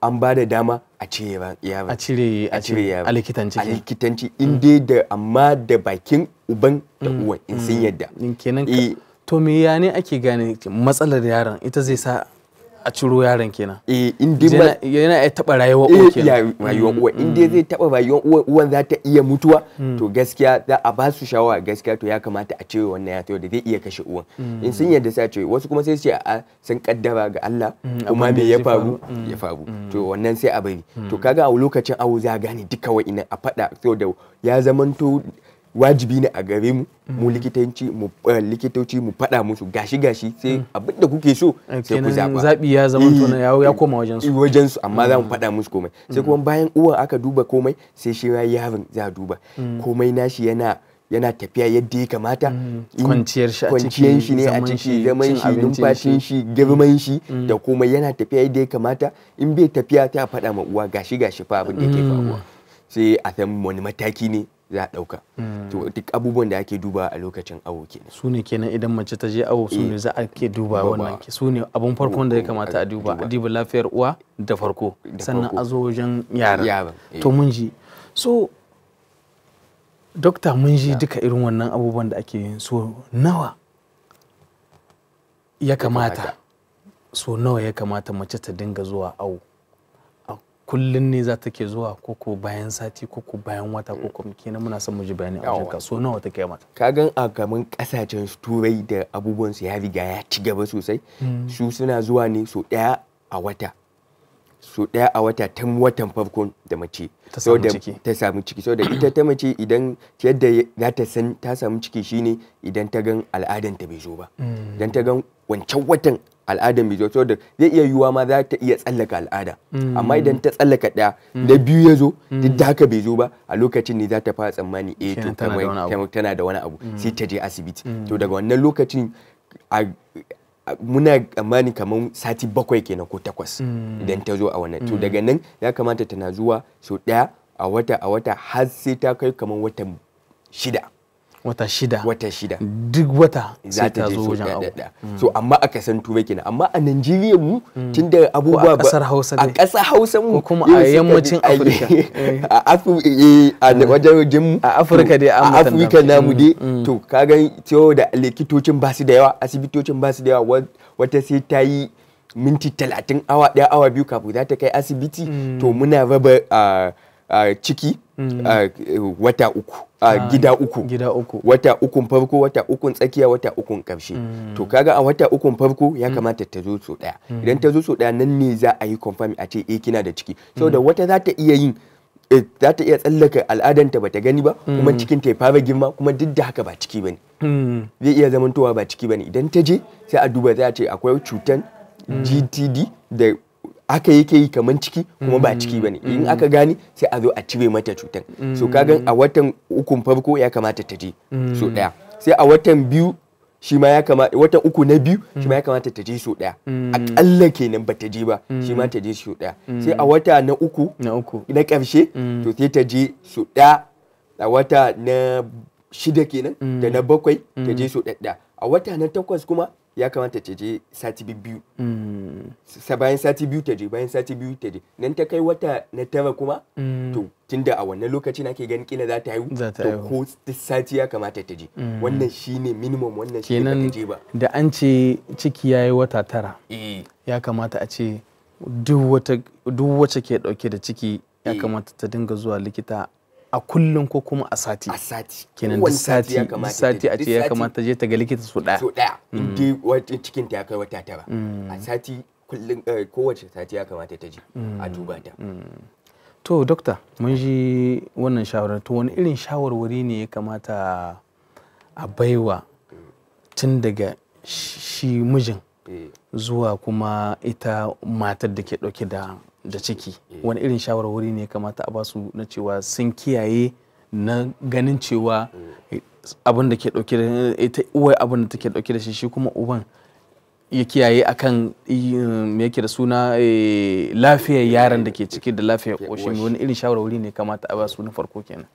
an ba da dama a cire yaron a cire a cire a likitanci a likitanci mm. in dai da amma da bakin uban da mm. uwan in sun yadda kenan eh. to me ya ne ake gane matsalar yaron ita zai sa a ciro yaron kenan eh, dai yana eh, ya taba rayuwar uwa kenan uwa in dai mm. zai taba rayuwar uwa uwan za ta iya mutuwa mm. to gaskiya za a ba su shawara gaskiya to ya kamata a ce wannan ya da zai iya kashe uwan mm. in sun yarda sai a wasu kuma sai su ce a san kaddara ga Allah kuma me ya faru ya faru to wannan sai a bari to kaga a lokacin awo za a gane duka waina a faɗa saboda ya zamanto wajibi ne a gare mu mu mm. likitanci mu eh, likitoci mu faɗa musu gashi gashi sai mm. abin da kuke so eh, sai ku zaba zabi ya zama to eh, ya koma wajen su wajen su amma za mu mm. faɗa musu komai sai kuma bayan uwa aka duba komai sai shi yaron za a duba komai nashi yana yana tafiya yadda ya kamata kwanciyar shi kwanciyar shi ne a ciki zaman shi numfashin shi girman shi da komai yana tafiya yadda ya kamata in bai tafiya ta faɗa ma uwa gashi gashi fa abin da yake faruwa sai a san wani mataki ne za a ɗauka hmm. to duk abubuwan da ake duba a lokacin awo ke. su ne kenan idan mace ta je awo su ne eh. za a ke duba wannan ke su ne abun farkon da ya kamata a duba a duba lafiyar uwa da farko sannan a zo wajen yara eh. to mun ji so dokta mun ji duka irin wannan abubuwan da ake so nawa ya kamata so nawa ya kamata mace ta dinga zuwa awo kullun ne za ta ke zuwa ko ko bayan sati ko ko bayan wata ko ko kenan muna son mu ji bayani a wajen so nawa ta kai mata ka gan a kaman kasashen turai da abubuwan su ya riga ya ci gaba sosai hmm. su suna zuwa ne so daya a wata so daya a wata tun watan farko da mace ta samu ciki so da ita ta mace idan yadda za ta san ta samu ciki shine idan ta gan al'adanta bai zo ba hmm. idan ta gan wancan watan al'adar mai kyau da zai iya yiwuwa ma za ta iya tsallaka al'ada hmm. amma idan ta tsallaka ɗaya hmm. da biyu ya zo hmm. duk da haka bai zo ba a lokacin ne za ta fara tsammani eh to tana da wani abu sai ta je asibiti to daga wannan lokacin muna tsammani kamar sati bakwai kenan ko takwas idan ta zo a wannan to daga nan ya kamata tana zuwa sau ɗaya a wata a wata har sai ta kai kamar watan shida wata shida wata shida duk wata za ta zo wajen abu mm. so amma aka san turai kenan amma a Najeriya mu mm. tunda abubuwa a kasar Hausa a kasar Hausa mu kuma a yammacin Afirka [laughs] a Afirka eh, a mm. wajen jin a Afirka dai a Afirka namu dai to kaga tiyo da likitocin ba su da yawa asibitocin ba su da yawa wata sai ta yi minti talatin awa daya awa biyu kafin za ta kai asibiti to muna raba ah, ah, ciki wata uku a ah, gida uku gida uku wata ukun farko wata ukun tsakiya wata ukun karshe hmm. to kaga a wata ukun farko ya hmm. kamata ta zo so daya hmm. idan ta zo so daya nan ne za a yi confirm a ce eh kina da ciki saboda wata za ta iya yin eh, za ta iya tsallaka al'adanta bata gani ba kuma cikin ta ya fara girma kuma duk da haka ba ciki bane zai iya zamantowa ba ciki bane idan ta je sai a duba za a ce akwai cutan GTD da aka yake yi kaman ciki kuma ba ciki mm. bane in mm. aka gani sai a zo a cire mata cutan so kaga a mm. watan ukun farko ya kamata ta je so daya sai a watan biyu shi ma ya kamata watan uku na biyu shi ma ya kamata ta je so daya akalla kenan ba ta je ba shi ma ta je so daya sai a wata na uku na uku na karshe to sai ta je so daya a wata na shida kenan da na bakwai ta je so daya a wata na takwas kuma ya kamata ta je sati biyu mm. sa bayan sati biyu ta je bayan sati biyu ta je nan ta kai wata na tara kuma mm. to tunda a wannan lokacin ake ganin kila za ta haihu to ko sati ya kamata ta je mm. wannan shine minimum wannan shi ne ta je ba da an ce ciki ya yi wata tara eh. ya kamata a ce duk wata duk wacce ke dauke da ciki ya eh. kamata ta dinga zuwa likita a kullum ko kuma a sati a sati kenan duk sati duk sati a ce ya kamata je ta ga likita su daya su daya mm. in dai cikin ta ya kai wata tara mm. a sati kullum eh, kowace sati ya kamata ta je a mm. duba ta to dokta mun ji wannan shawarar to wani irin shawarwari ne ya kamata a baiwa tun daga shi mijin eh. zuwa kuma ita matar da ke dauke da da ciki eh. wani irin shawarwari ne kamata a basu na cewa sun kiyaye na ganin cewa abin da ke dauke da ita uwar abin da take dauke da shi shi kuma uban ya kiyaye akan eh, me yake da suna eh, lafiyar yaran da ke ciki da lafiyar koshin wani irin shawarwari ne kamata a basu na farko kenan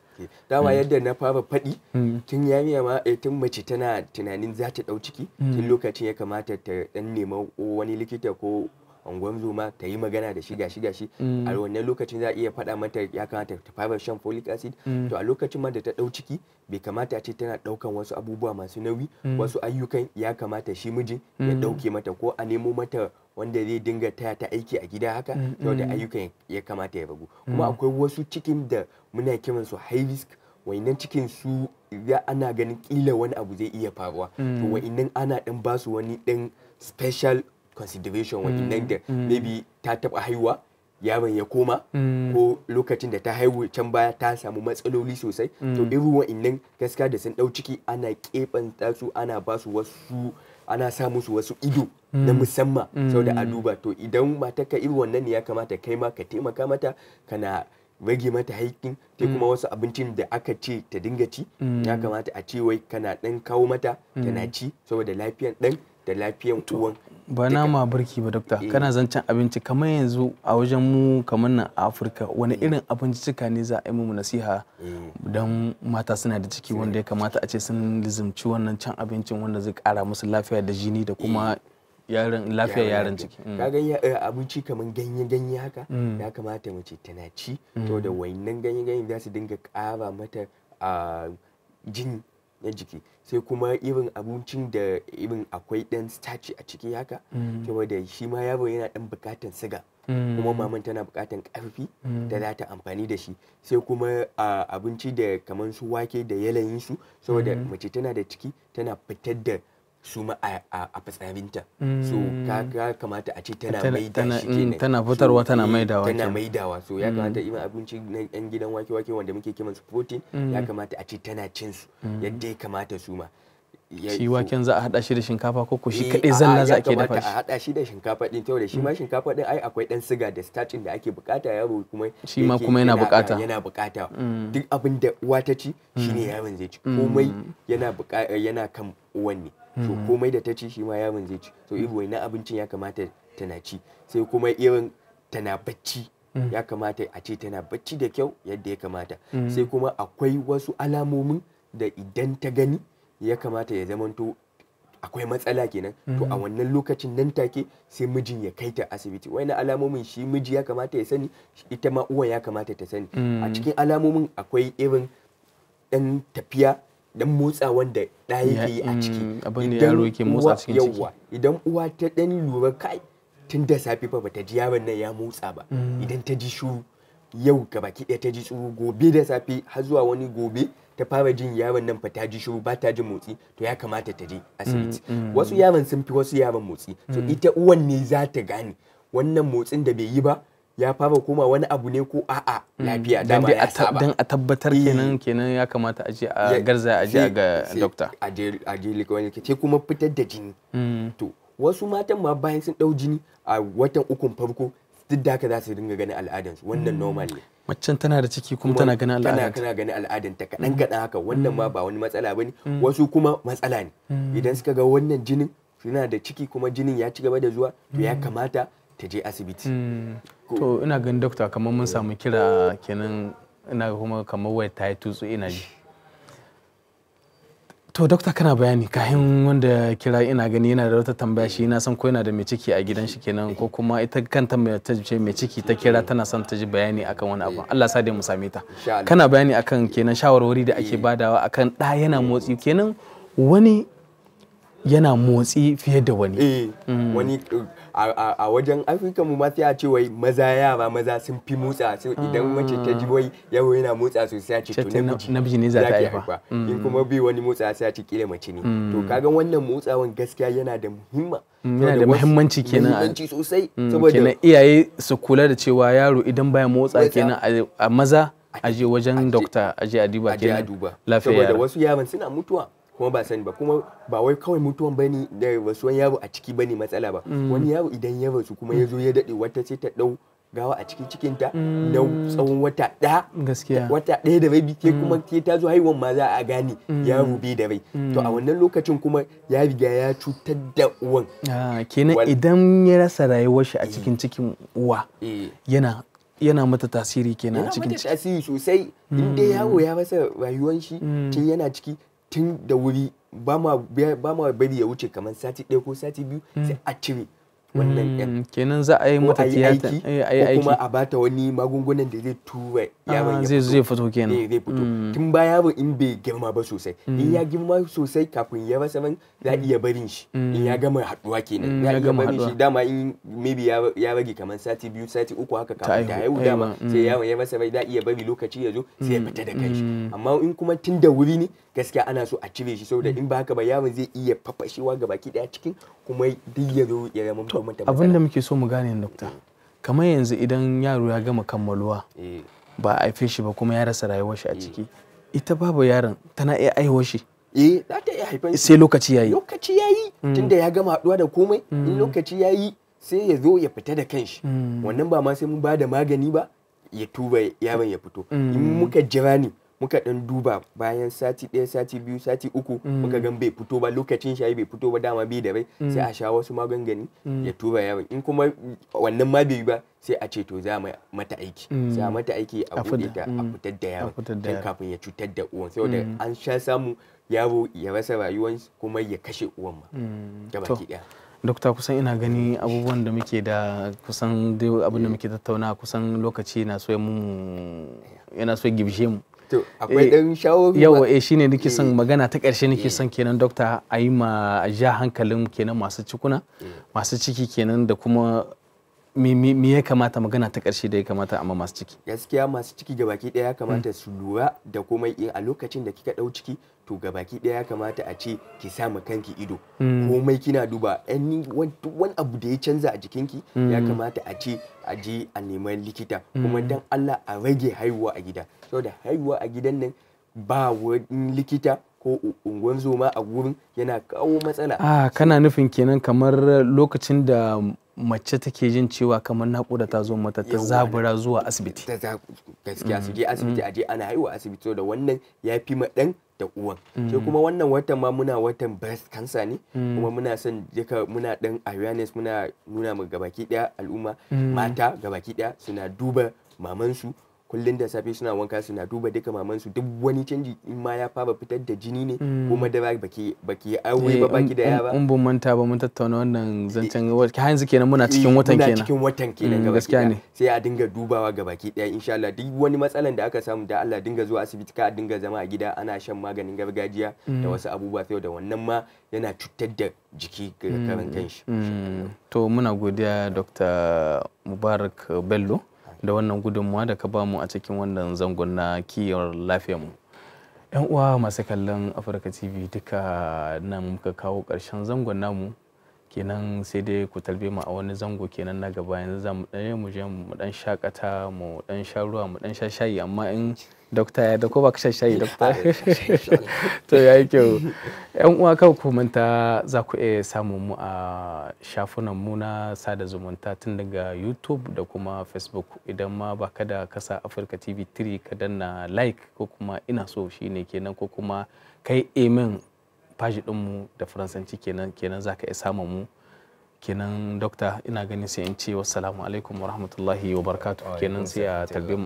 dama mm. yadda na fara faɗi mm. tun yariya ma tun mace tana tunanin za ta ɗau ciki tun mm. lokacin ya kamata ta ɗan nema wani likita ko unguwar zoma ta yi magana da shi gashi gashi mm. a wannan lokacin za a iya faɗa mata ya kamata ta fara shan folic acid mm. to a lokacin ma da ta ɗau ciki bai kamata a ce tana ɗaukan wasu abubuwa masu nauyi mm. wasu ayyukan ya kamata shi mijin ya ɗauke mata ko a nemo mata wanda zai dinga taya ta aiki a gida haka da ayyukan ya kamata ya ragu kuma akwai wasu cikin da muna kiran su high risk wainan cikin su ana ganin kila wani abu zai iya faruwa to wainan ana dan basu wani dan special consideration nan mm. da mm. maybe ta taɓa haihuwa yaron ya koma mm. ko lokacin da ta haihu can baya ta samu matsaloli sosai to irin wa'innan gaskiya da sun ɗau ciki ana keɓanta su ana ba su wasu ana sa musu wasu ido na musamman saboda a duba to idan ka irin wannan ne ya kamata kai ma ka taimaka mata kana rage mata haikin ta kuma wasu abincin da aka ce ta dinga ci ya kamata a ce wai kana ɗan kawo mata tana ci saboda lafiyan ɗan da lafiyan uwan ba nama barki ba dokta eh. kana zancen abinci kamar yanzu a wajen mu kamar nan a afirka wani mm. irin abinci cika ne za a yi mu nasiha mm. don mata suna da ciki wanda ya kamata a ce sun lizimci wannan can abincin wanda zai kara musu lafiya da jini da kuma eh. yaran lafiyar yaran ciki mm. ka ganye eh, abinci kamar ganye ganye haka ya kamata mace tana ci to da wayannan ganye ganye za su dinga kara mata ah, jini na jiki sai kuma irin abincin da irin akwai ɗan starch a ciki haka mm. saboda shi ma yaro yana ɗan bukatan siga mm. kuma maman tana bukatar karfi mm. da za ta amfani da shi sai kuma abinci da kamar su wake da yalayin su saboda mace tana da ciki tana fitar da su ma a fitsarinta mm. so ka kamata a ce tana maida shi kenan mm, tana fitarwa tana eh, maidawa tana maidawa so ya mm. kamata ima abinci na yan gidan wake wake wanda muke su protein ya kamata a ce tana cin su yadda ya kamata su ma shi waken za a hada shi da shinkafa ko ko shi eh, kadai zalla za a ke dafa shi a hada shi da shinkafa din da shi ma shinkafa din ai akwai dan siga da starch da ake bukata yaro kuma shi ma kuma yana bukata yana bukata duk abin da uwa ta ci shine yaron zai ci komai yana yana kan uwan ne to mm-hmm. komai da ta ci shi ma yaron zai ci so irin wani abincin ya kamata tana ci sai kuma irin tana bacci mm. ya kamata a ce tana bacci da kyau yadda ya kamata mm. sai kuma akwai wasu alamomin da idan ta gani ya kamata ya zamanto akwai matsala kenan to a mm-hmm. wannan lokacin nan take sai mijin ya kai ta asibiti wani alamomin shi miji ya kamata ya sani ita ma uwa ya kamata ta sani a mm. cikin alamomin akwai irin dan tafiya dan motsa wanda ɗa yake yi a mm, ciki abin da yaro yake motsa cikin ciki yawa idan uwa ta dan lura kai tun da safe fa bata ji yaron nan ya motsa ba mm. idan ta ji shuru yau gabaki ɗaya ta ji tsoro gobe da safe har zuwa wani gobe ta fara jin yaron nan fa ta ji shiru ba ta jin motsi to ya kamata ta je asibiti mm, wasu yaron sun fi wasu yaron motsi to ita uwan ne za ta gane wannan motsin da bai yi ba ya fara koma wani abu ne ko a'a mm. lafiya dama ya saba dan a tabbatar eh. kenan kenan ya kamata a je a garza a je ga doctor a je a je ke kuma fitar da jini mm. to wasu matan ma bayan sun dau jini a watan ukun farko duk da haka za su dinga ganin al'adansu wannan mm. normal ne macen tana da ciki kuma tana ganin al'adanta tana ganin ta kaɗan kaɗan haka wannan ma ba wani matsala ba ne wasu kuma matsala ne idan suka ga wannan jinin suna da ciki kuma jinin ya ci gaba da zuwa to ya kamata ta je asibiti hmm. to ina ganin dokta kamar mun samu kira kenan ina kuma kamar waya ta yi tutsu ina ji to dokta kana bayani kayan wanda kira ina gani yana da wata tambaya shi na san ko yana da mai ciki a gidan shi kenan ko kuma ita kanta mai ta ce mai ciki ta kira tana son ta ji bayani akan wani abu Allah sa dai mu same ta kana bayani akan kenan shawarwari da ake badawa akan ɗa yana motsi kenan wani yana motsi fiye da wani eh, mm. wani a wajen afirka mu ma ce wai maza yara maza sun fi motsa idan ah. mace ta ji wai yawo yana motsa sosai a ce to na biji ne za ta yi ba mm. in kuma bi wani motsa sai a ce kila mace ne mm. to kaga wannan motsawan gaskiya yana da muhimma yana da muhimmanci kenan muhimmanci sosai saboda kenan iyaye su kula da cewa yaro idan baya motsa kenan a maza a je wajen dokta a je a duba kenan lafiya saboda wasu yaran suna mutuwa kuma ba sani ba kuma ba wai kawai mutuwan bane da rasuwan yaro a ciki bane matsala ba mm. wani yaro idan ya rasu kuma ya zo ya dade wata sai ta dau gawa a cikin cikinta na mm. tsawon wata ɗaya gaskiya wata ɗaya da rai ke kuma ke mm. ta zo haihuwan ma za a gane ya rube da rai to a wannan lokacin kuma ya riga ya cutar da uwan kenan idan ya rasa rayuwar shi a eh. cikin cikin uwa eh. yana yana mata tasiri kenan a cikin ciki yana mata tasiri sosai Inda yawo ya rasa rayuwar shi tun yana ciki tun da wuri ba ma bari ya wuce kamar sati ɗaya ko sati biyu mm. sai a cire wannan yan mm, kenan za a yi mata tiyata eh, ko kuma a bata wani magungunan da zai tura ah, yaron zai zai fito kenan eh, zai fito mm. tun ba yaron in bai girma ba sosai in ya girma sosai kafin ya rasa man za a iya barin shi in ya gama haduwa kenan za a iya barin shi dama in maybe ya rage kamar sati biyu sati uku haka kafin ta haihu dama eh, sai yaron ya rasa mai za a iya bari lokaci ya zo sai ya fita da kanshi amma in kuma tun da wuri ne gaskiya ana so a cire shi saboda mm. in ba haka ba yaron zai iya fafashewa ga baki daya cikin kuma duk ya zo ya zama mutum abin da muke so mu gane dokta mm. kamar yanzu idan yaro ya gama kammaluwa eh. ba a haife shi ba kuma ya rasa rayuwar shi a mm. ciki ita babu yaron tana iya aihuwar shi eh za ta iya haifan sai lokaci yayi lokaci yayi tunda ya gama haduwa da komai in lokaci yayi sai ya zo ya fita da kanshi wannan ba ma sai mun ba da magani ba ya tuba yaron ya fito in muka jira ne muka dan duba bayan sati ɗaya sati biyu sati uku mm. muka gan bai fito ba lokacin shayi bai fito ba dama bai da bai mm. sai a sha wasu magungani mm. ya tura ya in kuma wannan ma bai ba sai a ce to za mu mata aiki sai a mata aiki a buɗe ta a fitar da yaron dan kafin ya cutar da uwan saboda an sha samu yaro ya rasa rayuwan kuma ya kashe uwan ma gabaki ɗaya dokta kusan ina gani abubuwan da muke da kusan abin da muke tattauna kusan lokaci na so mu yana so gibshe mu to akwai dan eh, shawari yawa eh shine nake son eh. magana ta karshe nake eh. son kenan dokta a yi ja hankalin kenan masu cikuna masu ciki kenan da kuma me ya kamata magana ta ƙarshe da ya kamata amma masu ciki gaskiya masu ciki gabaki ɗaya ya kamata mm. su lura da komai a lokacin da kika ɗau ciki to ga baki ɗaya kamata a ce ki samu kanki ido mm. komai kina duba any wani abu da ya canza a jikinki ya mm. kamata a ce a je a neman likita mm. kuma dan Allah a rage haihuwa a gida da haihuwa a gidan nan ba wani likita ko unguwan zoma a gurin yana kawo matsala ah kana nufin kenan kamar lokacin da mace take jin cewa kamar naƙuda ta zo mata ta zabura zuwa asibiti gaskiya su je asibiti a je ana haihuwa asibiti da wannan ya fi ma dan. da uwan mm. sai kuma wannan watan ma muna watan breast cancer ne mm. kuma muna son duka muna dan awareness muna nuna ma gabaki daya al'umma mm. mata gabaki daya suna duba mamansu kullum da safe suna wanka suna duba duka mamansu duk wani canji in ma ya fara fitar da jini ne mm. ko madara baki baki aure ba baki da ya ba eh, in ban manta ba mun tattauna wannan zancen wata hanzu kenan muna eh, cikin watan kenan muna cikin watan kenan gaskiya ne sai a dinga dubawa ga baki daya insha Allah duk wani matsalan da aka samu da Allah dinga zuwa asibiti ka dinga zama a gida ana shan maganin gargajiya da mm. wasu abubuwa sai da wannan ma yana cutar da jiki ga mm. karan kanshi to muna godiya Dr. Mubarak Bello da wannan gudunmuwa da ka bamu a cikin wannan zangon na kiyar lafiyarmu yan uwa masu kallon afirka tv duka nan muka kawo ƙarshen zangon namu kenan sai dai ku tarbe mu a wani zango kenan na gaba yanzu za mu ɗanye mu je mu dan shakata mu dan sha ruwa mu dan sha shayi amma in dokta ya da ko baka sha shayi dokta [laughs] [laughs] to ya yi kyau yan uwa kawai ku manta za ku iya samun mu a shafunan mu na sada zumunta tun daga youtube da kuma facebook idan ma ba ka da kasa africa tv 3 ka danna like ko kuma ina so shine kenan ko kuma kai amen faji ɗinmu da faransanci kenan kenan za ka iya samun mu kenan dokta ina ganin sai in ce wassalamu alaikum wa rahmatullahi wa barakatuh kenan sai a tarbe mu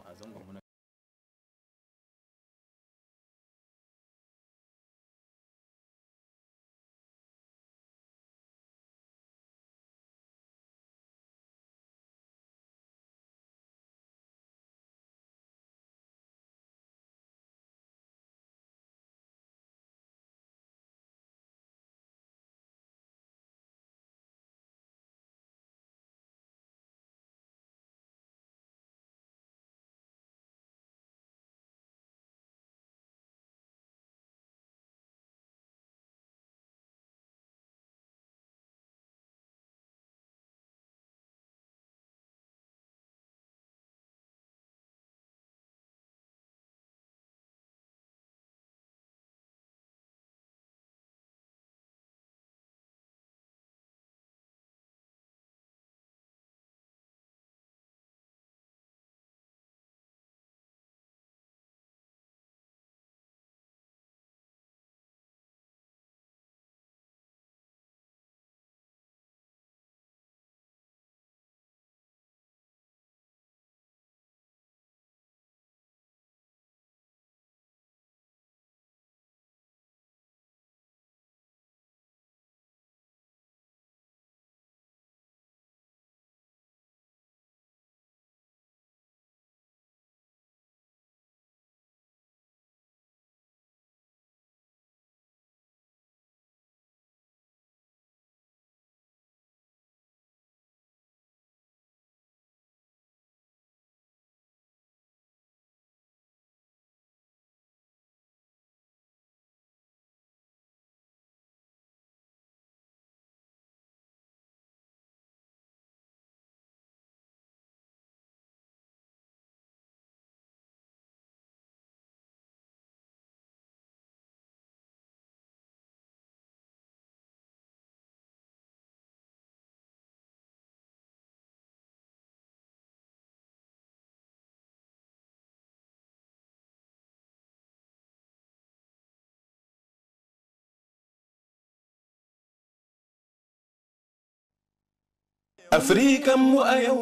Afirikan mu a yau,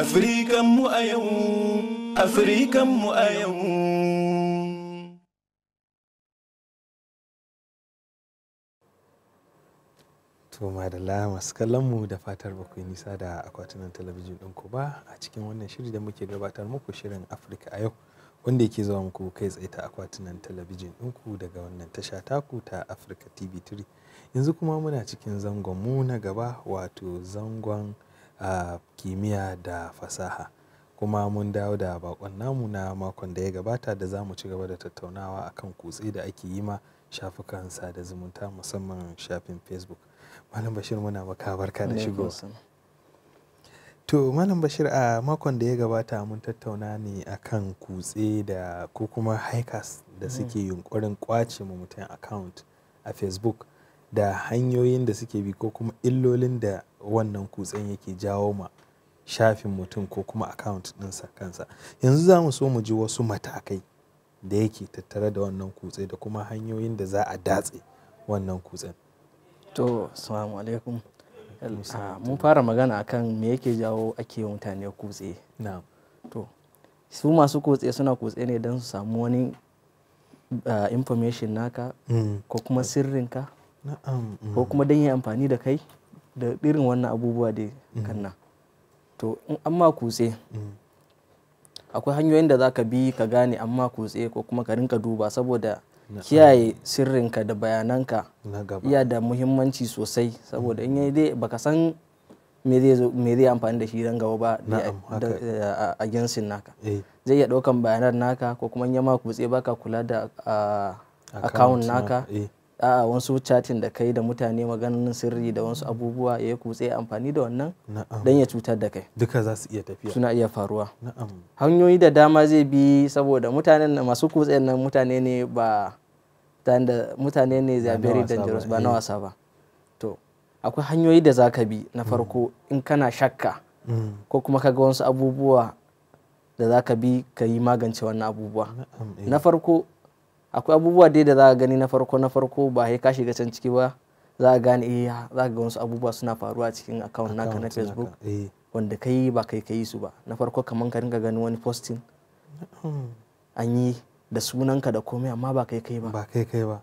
Afirikan mu a yau, Afirikan mu a yau. Tuma da masu kallon mu da fatar ba yi nisa da akwatunan talabijin ɗinku ba a cikin wannan shiri da muke gabatar muku shirin Afirka a yau. wanda yake zuwa muku kai tsaye ta akwatunan talabijin ɗinku daga wannan tasha taku ta Afirka TV 3. Yanzu kuma muna cikin zangon mu na gaba wato zangon, kimiyya da fasaha. Kuma mun dawo da bakon namu na makon da ya gabata da za mu ci gaba da tattaunawa akan kutse da ake yi ma shafukan sada zumunta musamman shafin Facebook. Malam Bashir muna maka barka da shigo To Malam Bashir a makon da ya gabata mun tattauna ne akan kutse da ko kuma hikers da mm-hmm. suke yunkurin kwace mu mutum account a Facebook da hanyoyin da suke bi ko kuma illolin da wannan kutsen yake jawo ma shafin mutum ko kuma account ɗinsa kansa yanzu za mu so mu ji wasu matakai da yake tattare da wannan kutse da kuma hanyoyin da za a datse wannan kutsen to salamu alaikum ah, mun fara magana akan me yake jawo ake mutane kutse to su masu kutse suna kutse ne don su samu wani ah, information naka mm. ko kuma sirrinka ko mm. kuma don yi amfani da kai da irin wannan abubuwa da mm. kan nan to in an ma kutse mm. akwai hanyoyin da za ka bi ka gane an ma kutse ko kuma ka rinka duba saboda kiyaye sirrinka da bayananka iya da muhimmanci sosai saboda in yi dai baka san me zai amfani da shi don gaba ba a eh, ginsin naka eh. zai iya ɗaukan bayanan naka ko kuma ya ma kutse baka kula da akawun ah, naka eh. a wasu chatin da kai da mutane maganin sirri da wasu abubuwa ya kutse amfani da wannan dan ya cutar da kai duka za su iya tafiya suna iya faruwa hanyoyi da dama zai bi saboda mutanen masu kutse nan mutane ne ba mutane ne they are da dangerous ba na eh. wasa ba to akwai hanyoyi da za ka bi na farko mm. in kana shakka mm. ko kuma ka ga wasu abubuwa da za ka bi ka yi magance wannan abubuwa eh. na farko akwai abubuwa dai da za a gani na farko na farko ba sai ka shiga can ciki ba za a gane eh za ka ga wasu abubuwa suna faruwa a cikin account naka na Facebook eh. wanda kai ba kai kai su ba na farko kaman ka ringa ganin wani posting an yi da sunanka da komai amma ba kai kai ba ba kai kai ba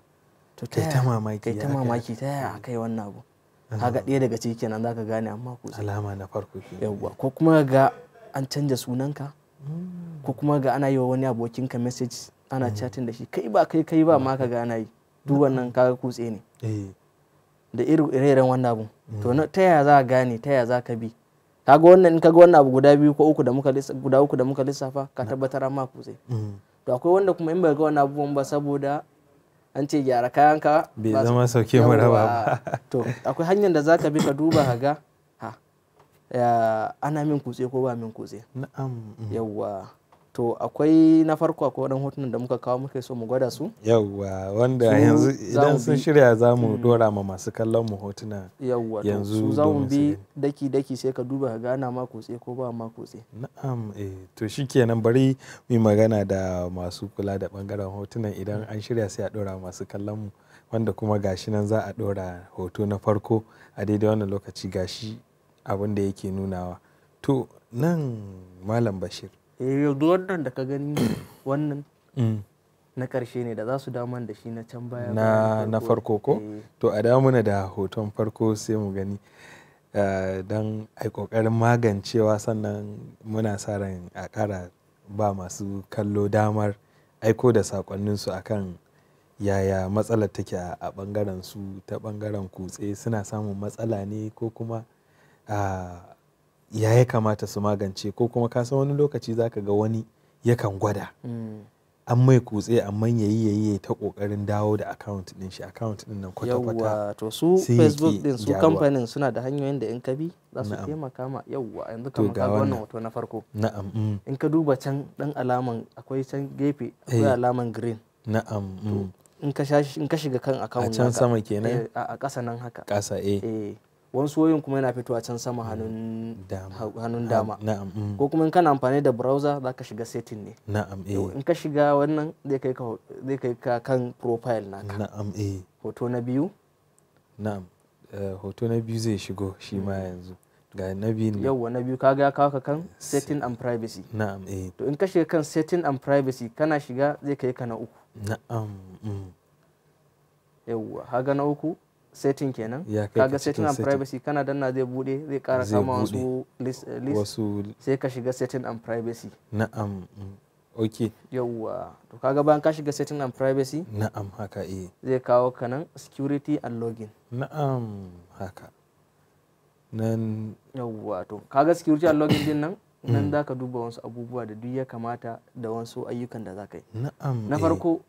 to kai ta mamaki kai ta mamaki ta yaya kai wannan abu kaga ɗaya daga ciki kenan zaka gane amma ku alama na farko kenan ko kuma ga an canja sunanka ko kuma ga ana yi wa wani abokinka message ana mhm. chatting da shi kai ba kai kai ba ma ka mhm. gana yi duk wannan kaga kutse ne eh. da irin iren wannan abun to mhm. ta yaya za ka gane ta yaya za ka bi kaga wannan in kaga wannan abu guda biyu ko uku da muka guda uku da muka lissafa ka tabbatar ma kutse to akwai wanda kuma in ba ga wannan abubuwan ba saboda an ce gyara kayanka bai zama sauke mura ba to akwai hanyar da za ka bi ka duba ka ga ha ana min kutse ko ba min kutse na'am yawwa to akwai na farko akwai wadannan hotunan da muka kawo muka so mu gwada su yawwa wanda yanzu idan sun shirya za mu dora mm. ma masu kallon mu hotuna yawwa yanzu su za mu bi daki daki sai ka duba ka ana ma kotse ko ba ma kotse na'am eh to shikenan bari mu magana da masu kula da bangaren hotunan idan an shirya sai a dora masu kallon mu wanda kuma gashi nan za a dora hoto na farko a daidai wannan lokaci gashi abin da yake nunawa to nan malam bashir Eh, duk wannan da ka gani [coughs] wannan mm. na ƙarshe ne da za su damar da shi na can baya na na farko ko eh. to a damuna da hoton farko sai mu gani eh, don ai ƙoƙarin magancewa sannan muna sa ran a ƙara ba masu kallo damar aiko da saƙonninsu akan yaya matsalar take a bangaren su ta bangaren kutse suna samun matsala ne ko kuma ah, ya ya kamata su magance ko kuma ka san wani lokaci zaka ga wani yakan gwada mm. an mai kutse amma ya yi ya yi ta kokarin dawo da account din shi account din nan kwata-kwata yawwa to su facebook din su kamfanin suna da hanyoyin da in ka bi za su taimaka ma yawwa yanzu kamar ka wannan hoto na farko na'am mm. in ka duba can dan alaman akwai can gefe akwai eh. alaman green na'am mm. in ka shiga kan account a can sama kenan eh, a ƙasa nan haka eh, eh. wani soyin kuma yana fitowa can sama hannun dama mm. ko kuma in kana amfani da browser za ka shiga setting ne eh. in ka shiga wannan zai kai ka kan profile naka eh. hoto na biyu na'am eh, hoto na biyu zai shigo shi ma mm. yanzu ga na biyu ne yauwa na biyu kaga ya kawo ka kan setting and privacy na'am to in ka shiga kan setting and privacy kana shiga zai kai ka na uku na'am mm. yauwa haga na uku setting kenan kaga setting and privacy kana danna zai bude zai kara kama wasu list, list. sai ka shiga setting and privacy na'am ok yawwa to kaga bayan ka shiga setting and privacy na'am haka eh zai kawo ka nan security and login na'am haka nan yawwa to kaga security and login din nan mm. nan za ka duba wasu abubuwa da duk ya kamata da wasu ayyukan da za ka yi na eh. farko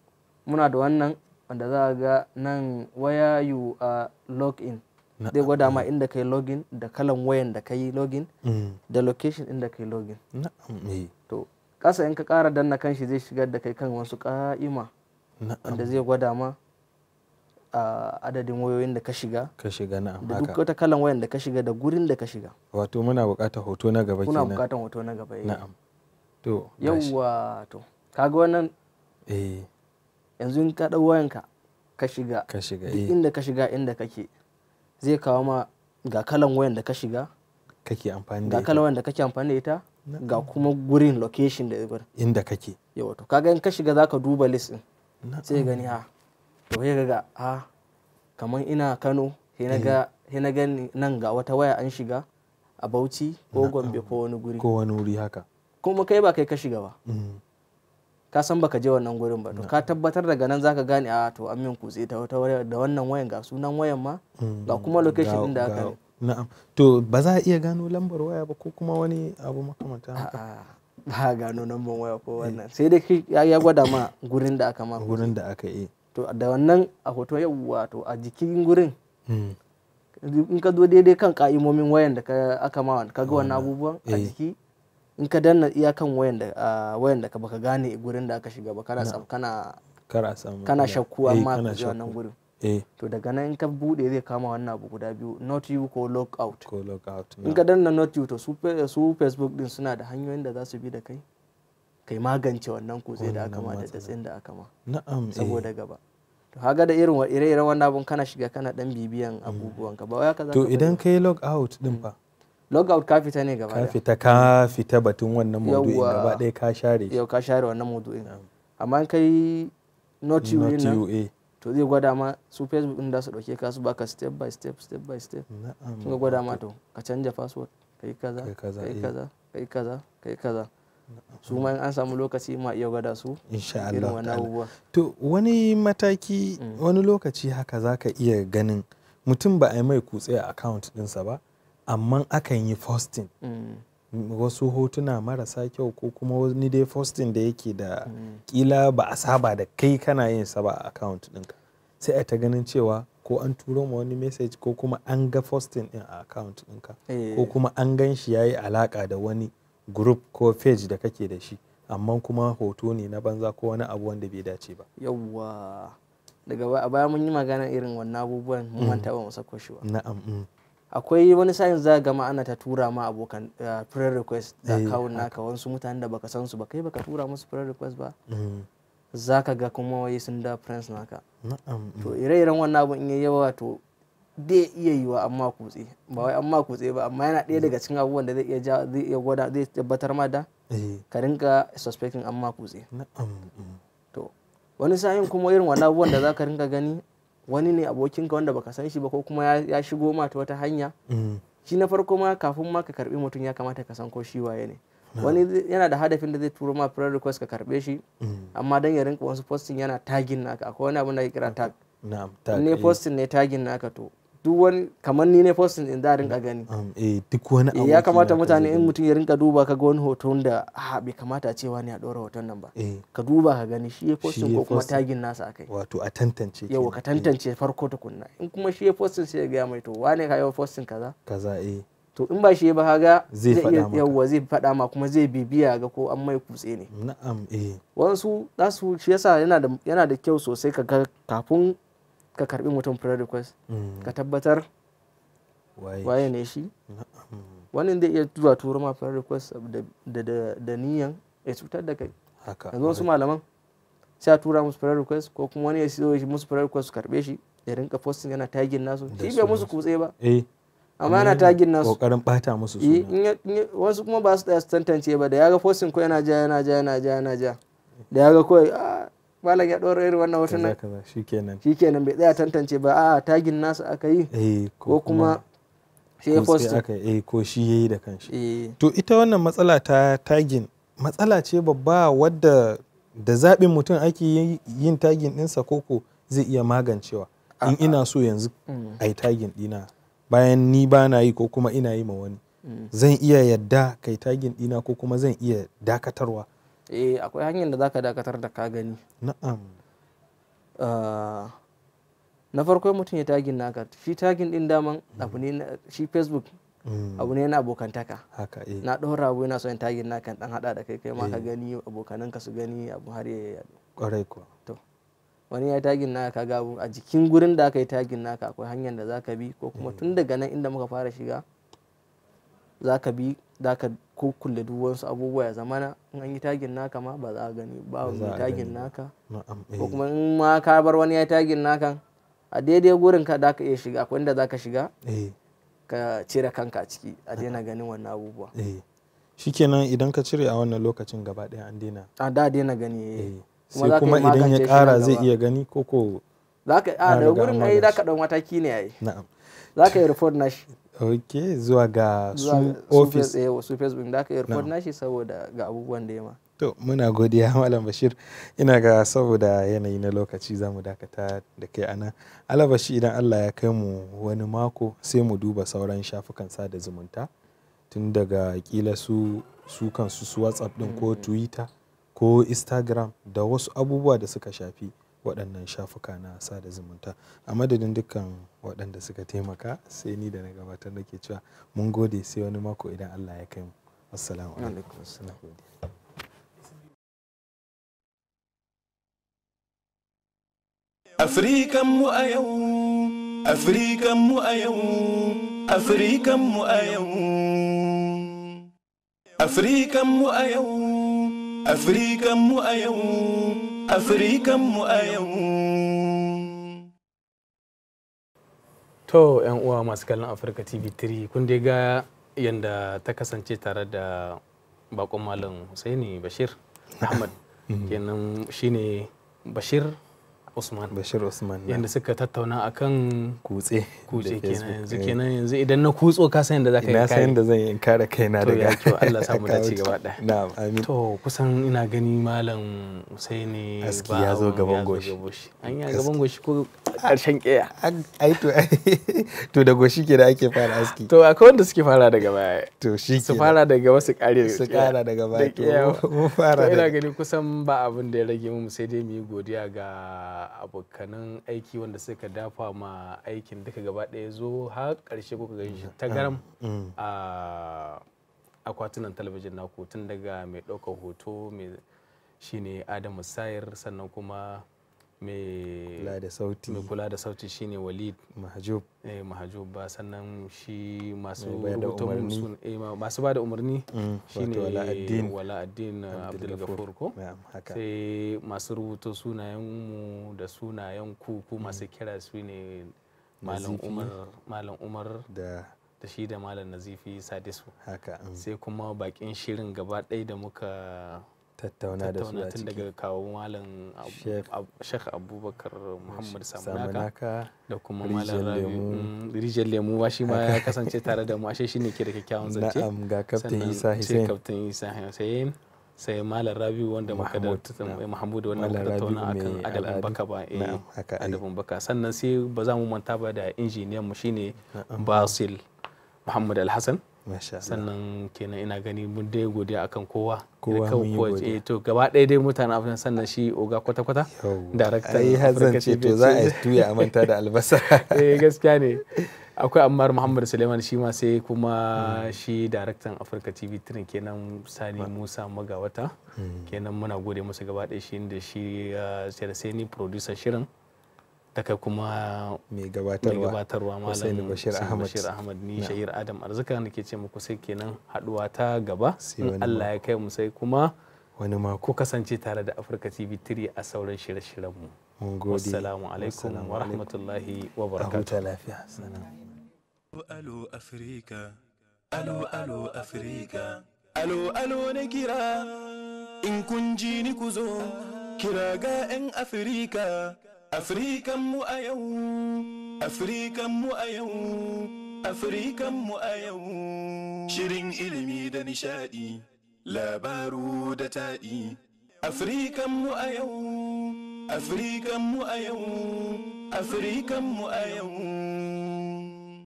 muna da wannan wanda za a ga nan waya yu a login zai gwada ma mm. inda kai login da kalan wayan da kai login mm. da location inda kai login eh. to kasa in ka kara danna kan shi zai shigar da kai kan wasu ka'ima wanda zai gwada ma a adadin wayoyin da ka shiga ka shiga na da duk wata kalan wayan da ka shiga da gurin da ka shiga wato muna bukatar hoto na gaba kenan muna bukatar hoto na gaba eh. na'am to yawwa to kaga wannan eh yanzu in ka ɗau wayanka ka shiga ka shiga eh. inda ka shiga inda kake zai kawo ma ga kalan wayan da ka shiga kake amfani da ga kalan wayan da kake amfani da ita ga kuma gurin location da gurin inda kake yawa to kaga in ka shiga zaka duba list din sai gani ha to sai ga ha kaman ina Kano sai na eh. ga sai na gani nan ga wata waya an shiga a Bauchi ko Gombe ko wani guri ko wani wuri haka kuma kai ba kai ka shiga ba mm. ka san baka je wannan gurin ba to ka tabbatar daga nan zaka gane a ah, to an min kutse ta wata da wannan wayan ga sunan wayan ma mm. ga kuma location din da aka na'am to ba za a iya gano lambar waya ba ko kuma wani abu makamanta haka ba gano lambar waya ko eh. wannan sai dai ya gwada ma gurin da aka ma gurin da aka yi to da wannan a hoto yawwa to a jikin gurin mm. in ka zo daidai kan ka'imomin wayan da aka ma ka ga wannan abubuwan a eh. jiki in ka danna iyakan wayan da wayan da ka baka gane gurin da aka shiga ba kana sam kana kana shakku amma eh, ka ji wannan gurin eh. to daga nan in ka bude zai kama wannan abu guda biyu not you ko lock out ko lock out in ka danna not you to su facebook din suna da hanyoyin da za su bi da kai kai magance wannan kutse da aka ma da tsin da aka ma na'am eh. saboda gaba to haga da irin ire-iren wannan abun kana shiga kana dan bibiyan mm. abubuwan ka ba wai ka to idan kai lock out din mm. fa logout ka fita ne gaba ka fita ka fita batun wannan maudu'in gaba ɗaya ka share yau ka share wannan maudu'in amma kai not UA nan to zai gwada ma su facebook din da su dauke ka su baka step by step step by step sun gwada ma to ka canja password kai kaza kai kaza kai eh. kaza kai kaza su ma an samu lokaci ma iya gwada su irin wannan abubuwa to wani mataki mm. wani lokaci haka zaka iya ganin mutum ba a yi mai kutse a account sa ba amma akan yi fostin mm. wasu hotuna marasa kyau ko kuma wani dai fostin da yake da mm. kila ba a saba da kai kana yin sa ba a account ɗinka sai a ta ganin cewa ko an turo ma wani message ko kuma an ga posting ɗin a account ɗinka eh. ko kuma an gan shi ya yi alaka da wani group ko page da kake da shi amma kuma hoto ne na banza ko wani abu wanda bai dace ba yawwa daga baya mun yi magana irin wannan abubuwan mun mm. manta ba mu sako shi ba na'am akwai wani sa'in za ga ma ana ta tura ma abokan prayer eh, request da eh, kawun naka wasu mutanen da baka san su ba kai baka tura musu prayer request ba mm. za ka ga kuma wai sun da friends naka mm. to ire-iren wannan abu in yi yawa to zai iya yiwa amma kutse ba wai amma kutse ba amma yana ɗaya daga cikin abubuwan da zai iya ja zai iya gwada zai tabbatar ma da eh. ka rinka suspecting amma kutse mm. to wani sa'in kuma irin wannan abubuwan da za ka rinka gani wani ne abokinka wanda baka san shi ba ko kuma ya shigo ma ta wata hanya mm. shi na farko ma kafin ma ka karbi mutum ya kamata ka san ko shi waye ne wani yana da hadafin da zai turo ma prayer request ka karbe shi mm. amma dan ya rinka wasu posting yana tagging naka akwai wani abin da ya kira tag ne eh. posting ne tagging naka to duk wani kamar ni ne posting in da rinka gani um, eh, duk wani eh, ya kamata mutane in mutum ya rinka duba ga wani hoton da a bai kamata cewa ne a dora hoton nan ba eh. ka duba ka gani shi ya posting ko kuma tagin nasa akai wato a tantance yau ka tantance farko tukunna in kuma shi ya posting sai ya ga mai to wane ka yi posting kaza kaza eh to in ba shi ba kaga zai faɗa yawwa zai faɗa ma kuma zai bibiya ga ko an mai kutse ne na'am eh wasu za su shi yasa yana da yana da kyau sosai ga kafin ka karbi mutum prayer request hmm. ka tabbatar waye ne shi wani zai iya zuwa turo ma prayer request da niyan ya cutar da kai yanzu wasu malaman sai a tura musu prayer request ko kuma wani ya shi musu prayer request su karbe shi ya rinka posting yana tagin nasu shi bai musu kutse ba eh, amma yana tagin nasu kokarin bata musu eh, suna wasu kuma ba su tsaya su tantance ba da ya ga posting ko yana ja yana ja yana ja yana ja da ya ga ah, malam ya ɗora irin wannan hotunan shikenan bai tsaya tantance ba a tagin nasa aka yi eh, ko kuma eh, shi ya posti ko shi yayi da kanshi eh. to ita wannan matsala ta tagin matsala ce babba wadda da zaɓin mutum ake yin tagin ɗinsa koko zai iya magancewa in ina so yanzu mm. a yi tagin ɗina bayan ni ba na yi ko kuma ina yi ma wani mm. zan iya yadda kai tagin ɗina ko kuma zan iya dakatarwa eh akwai hanyar da zaka dakatar da ka gani na'am ah, na farko mutum ya tagin naka shi tagin din daman abu ne shi facebook mm. abu ne na abokantaka eh. na ɗora abu yana in tagin naka dan hada da kai kai ma ka eh. gani abokananka su gani abu har ya kwarai kuwa to wani ya tagin naka ka abu a jikin gurin da aka yi tagin naka akwai hanyar da zaka bi ko kuma eh. tun daga nan inda muka fara shiga zaka bi zaka kukkulle duk wasu abubuwa ya zamana in an yi tagin naka ma ba za a gani ba a yi tagin naka ko eh. kuma in ma ka bar wani ya yi tagin naka a daidai gurin ka da ka iya shiga akwai inda za ka shiga eh. ka cire kanka a ciki a daina ganin wannan abubuwa eh. shikenan idan ka cire a wannan lokacin gaba daya an daina a da daina gani sai kuma idan ya kara zai iya gani ko ko za ka a da gurin ai za ka mataki ne yayi na'am za ka yi report na shi ok zuwa ga su office eh, su facebook da aka airport shi saboda ga abubuwan da yamma to muna godiya [laughs] malam bashir ina ga saboda yanayi na lokaci za mu dakata da kai ana alabashi idan allah ya kai mu wani mako sai mu duba sauran shafukan sada zumunta tun daga kila su su kansu su whatsapp din ko mm-hmm. twitter ko instagram da wasu abubuwa da suka shafi waɗannan shafuka na sada zumunta a madadin dukkan waɗanda suka taimaka sai ni da na gabatar da ke cewa mun gode sai wani mako idan allah ya kai mu assalamu alaikum Afirikan mu a yau, Afirikan mu a yau, Afirikan mu a yau. Afirikan mu a yau, Afirikan mu a yau. mu a yau. To, ‘yan uwa masu kallon Afirka TV3, kun dai ga yadda ta kasance tare da bakon Malam Husaini Bashir Ahmad. Mm. Kenan shine Bashir Usman. Bashir Usman. Yanda suka tattauna akan kutse. Kutse kenan yanzu eh. kenan yanzu idan na kutso ka san yanda zaka yi Na san yanda zan yi kare kaina daga. To ya Allah samu [laughs] da ci gaba da. Na'am amin. To kusan ina gani malam Husaini Aski ya zo gaban goshi. An ya gaban goshi ko harshen kiya. Ai to [laughs] to da goshi ke da ake fara aski. To akwai wanda suke fara daga baya. To shi Su fara daga wasu kare. Su kara daga baya. To Mu fara. da. ina gani kusan ba abin da ya rage mu sai dai mu yi godiya ga abokanan aiki wanda suka dafa ma aikin duka gaba ɗaya zo har ƙarshe kuka gan shi ta garam mm. a ah, akwatunan talabijin naku tun daga mai ɗaukar hoto mai shine adamu sayar sannan kuma mai kula da sauti shine walid mahajub eh mahajub ba sannan shi masu eh, masu ba da umarni mm, shine wala addin eh, abdul gafur ko sai masu rubuto sunayen mu da sunayen ku ku mm. masu kira su ne malam umar malam umar da da shi da malam nazifi sadisu haka mm. sai kuma bakin shirin gaba ɗaya da muka tattauna da su a tun daga kawo malam Sheikh Abubakar Muhammad Samunaka da kuma malam mm, rijiyar Lemu ba shi ma ya kasance tare da mu ashe shine ke da kyakkyawan zance na'am ga kaftin Isa Hussein Isa Hussein sai malam rabi wanda muka da mahamudu wanda muka tattauna akan adabin baka ba eh adabin baka sannan sai ba za mu manta ba da injiniyan mu shine basil muhammad alhassan sannan kenan ina gani mun dai godiya akan kowa kowa mun yi godiya eh to gaba ɗaya dai mutanen afirka sannan shi oga kwata kwata darakta ai hazance to za a tuya a manta da albasa [laughs] eh gaskiya ne akwai ammar muhammad suleiman shi ma sai kuma hmm. shi daraktan afirka tv tirin kenan sani musa magawata hmm. kenan muna gode masa gaba ɗaya shi da shi eh, sai ni producer shirin da kai kuma mai gabatarwa malam bashir ahmad ni shahir adam arzika ne ke ce muku sai kenan haduwa ta gaba in allah ya kai mu sai kuma wani mako kasance tare da afirka tv 3 a sauran shirye-shiryenmu shiryen Assalamu alaikum wa rahmatullahi wa barakatuh alo afirka alo alo afirka alo alo na kira in kun ji ni ku zo kira ga 'yan afirka Afirikan mu a yau, Afirikan mu a yau, Afirikan mu a yau. Shirin ilimi da nishadi, labaru da taɗi. Afirikan mu a yau, Afirikan mu a yau, Afirikan mu a yau.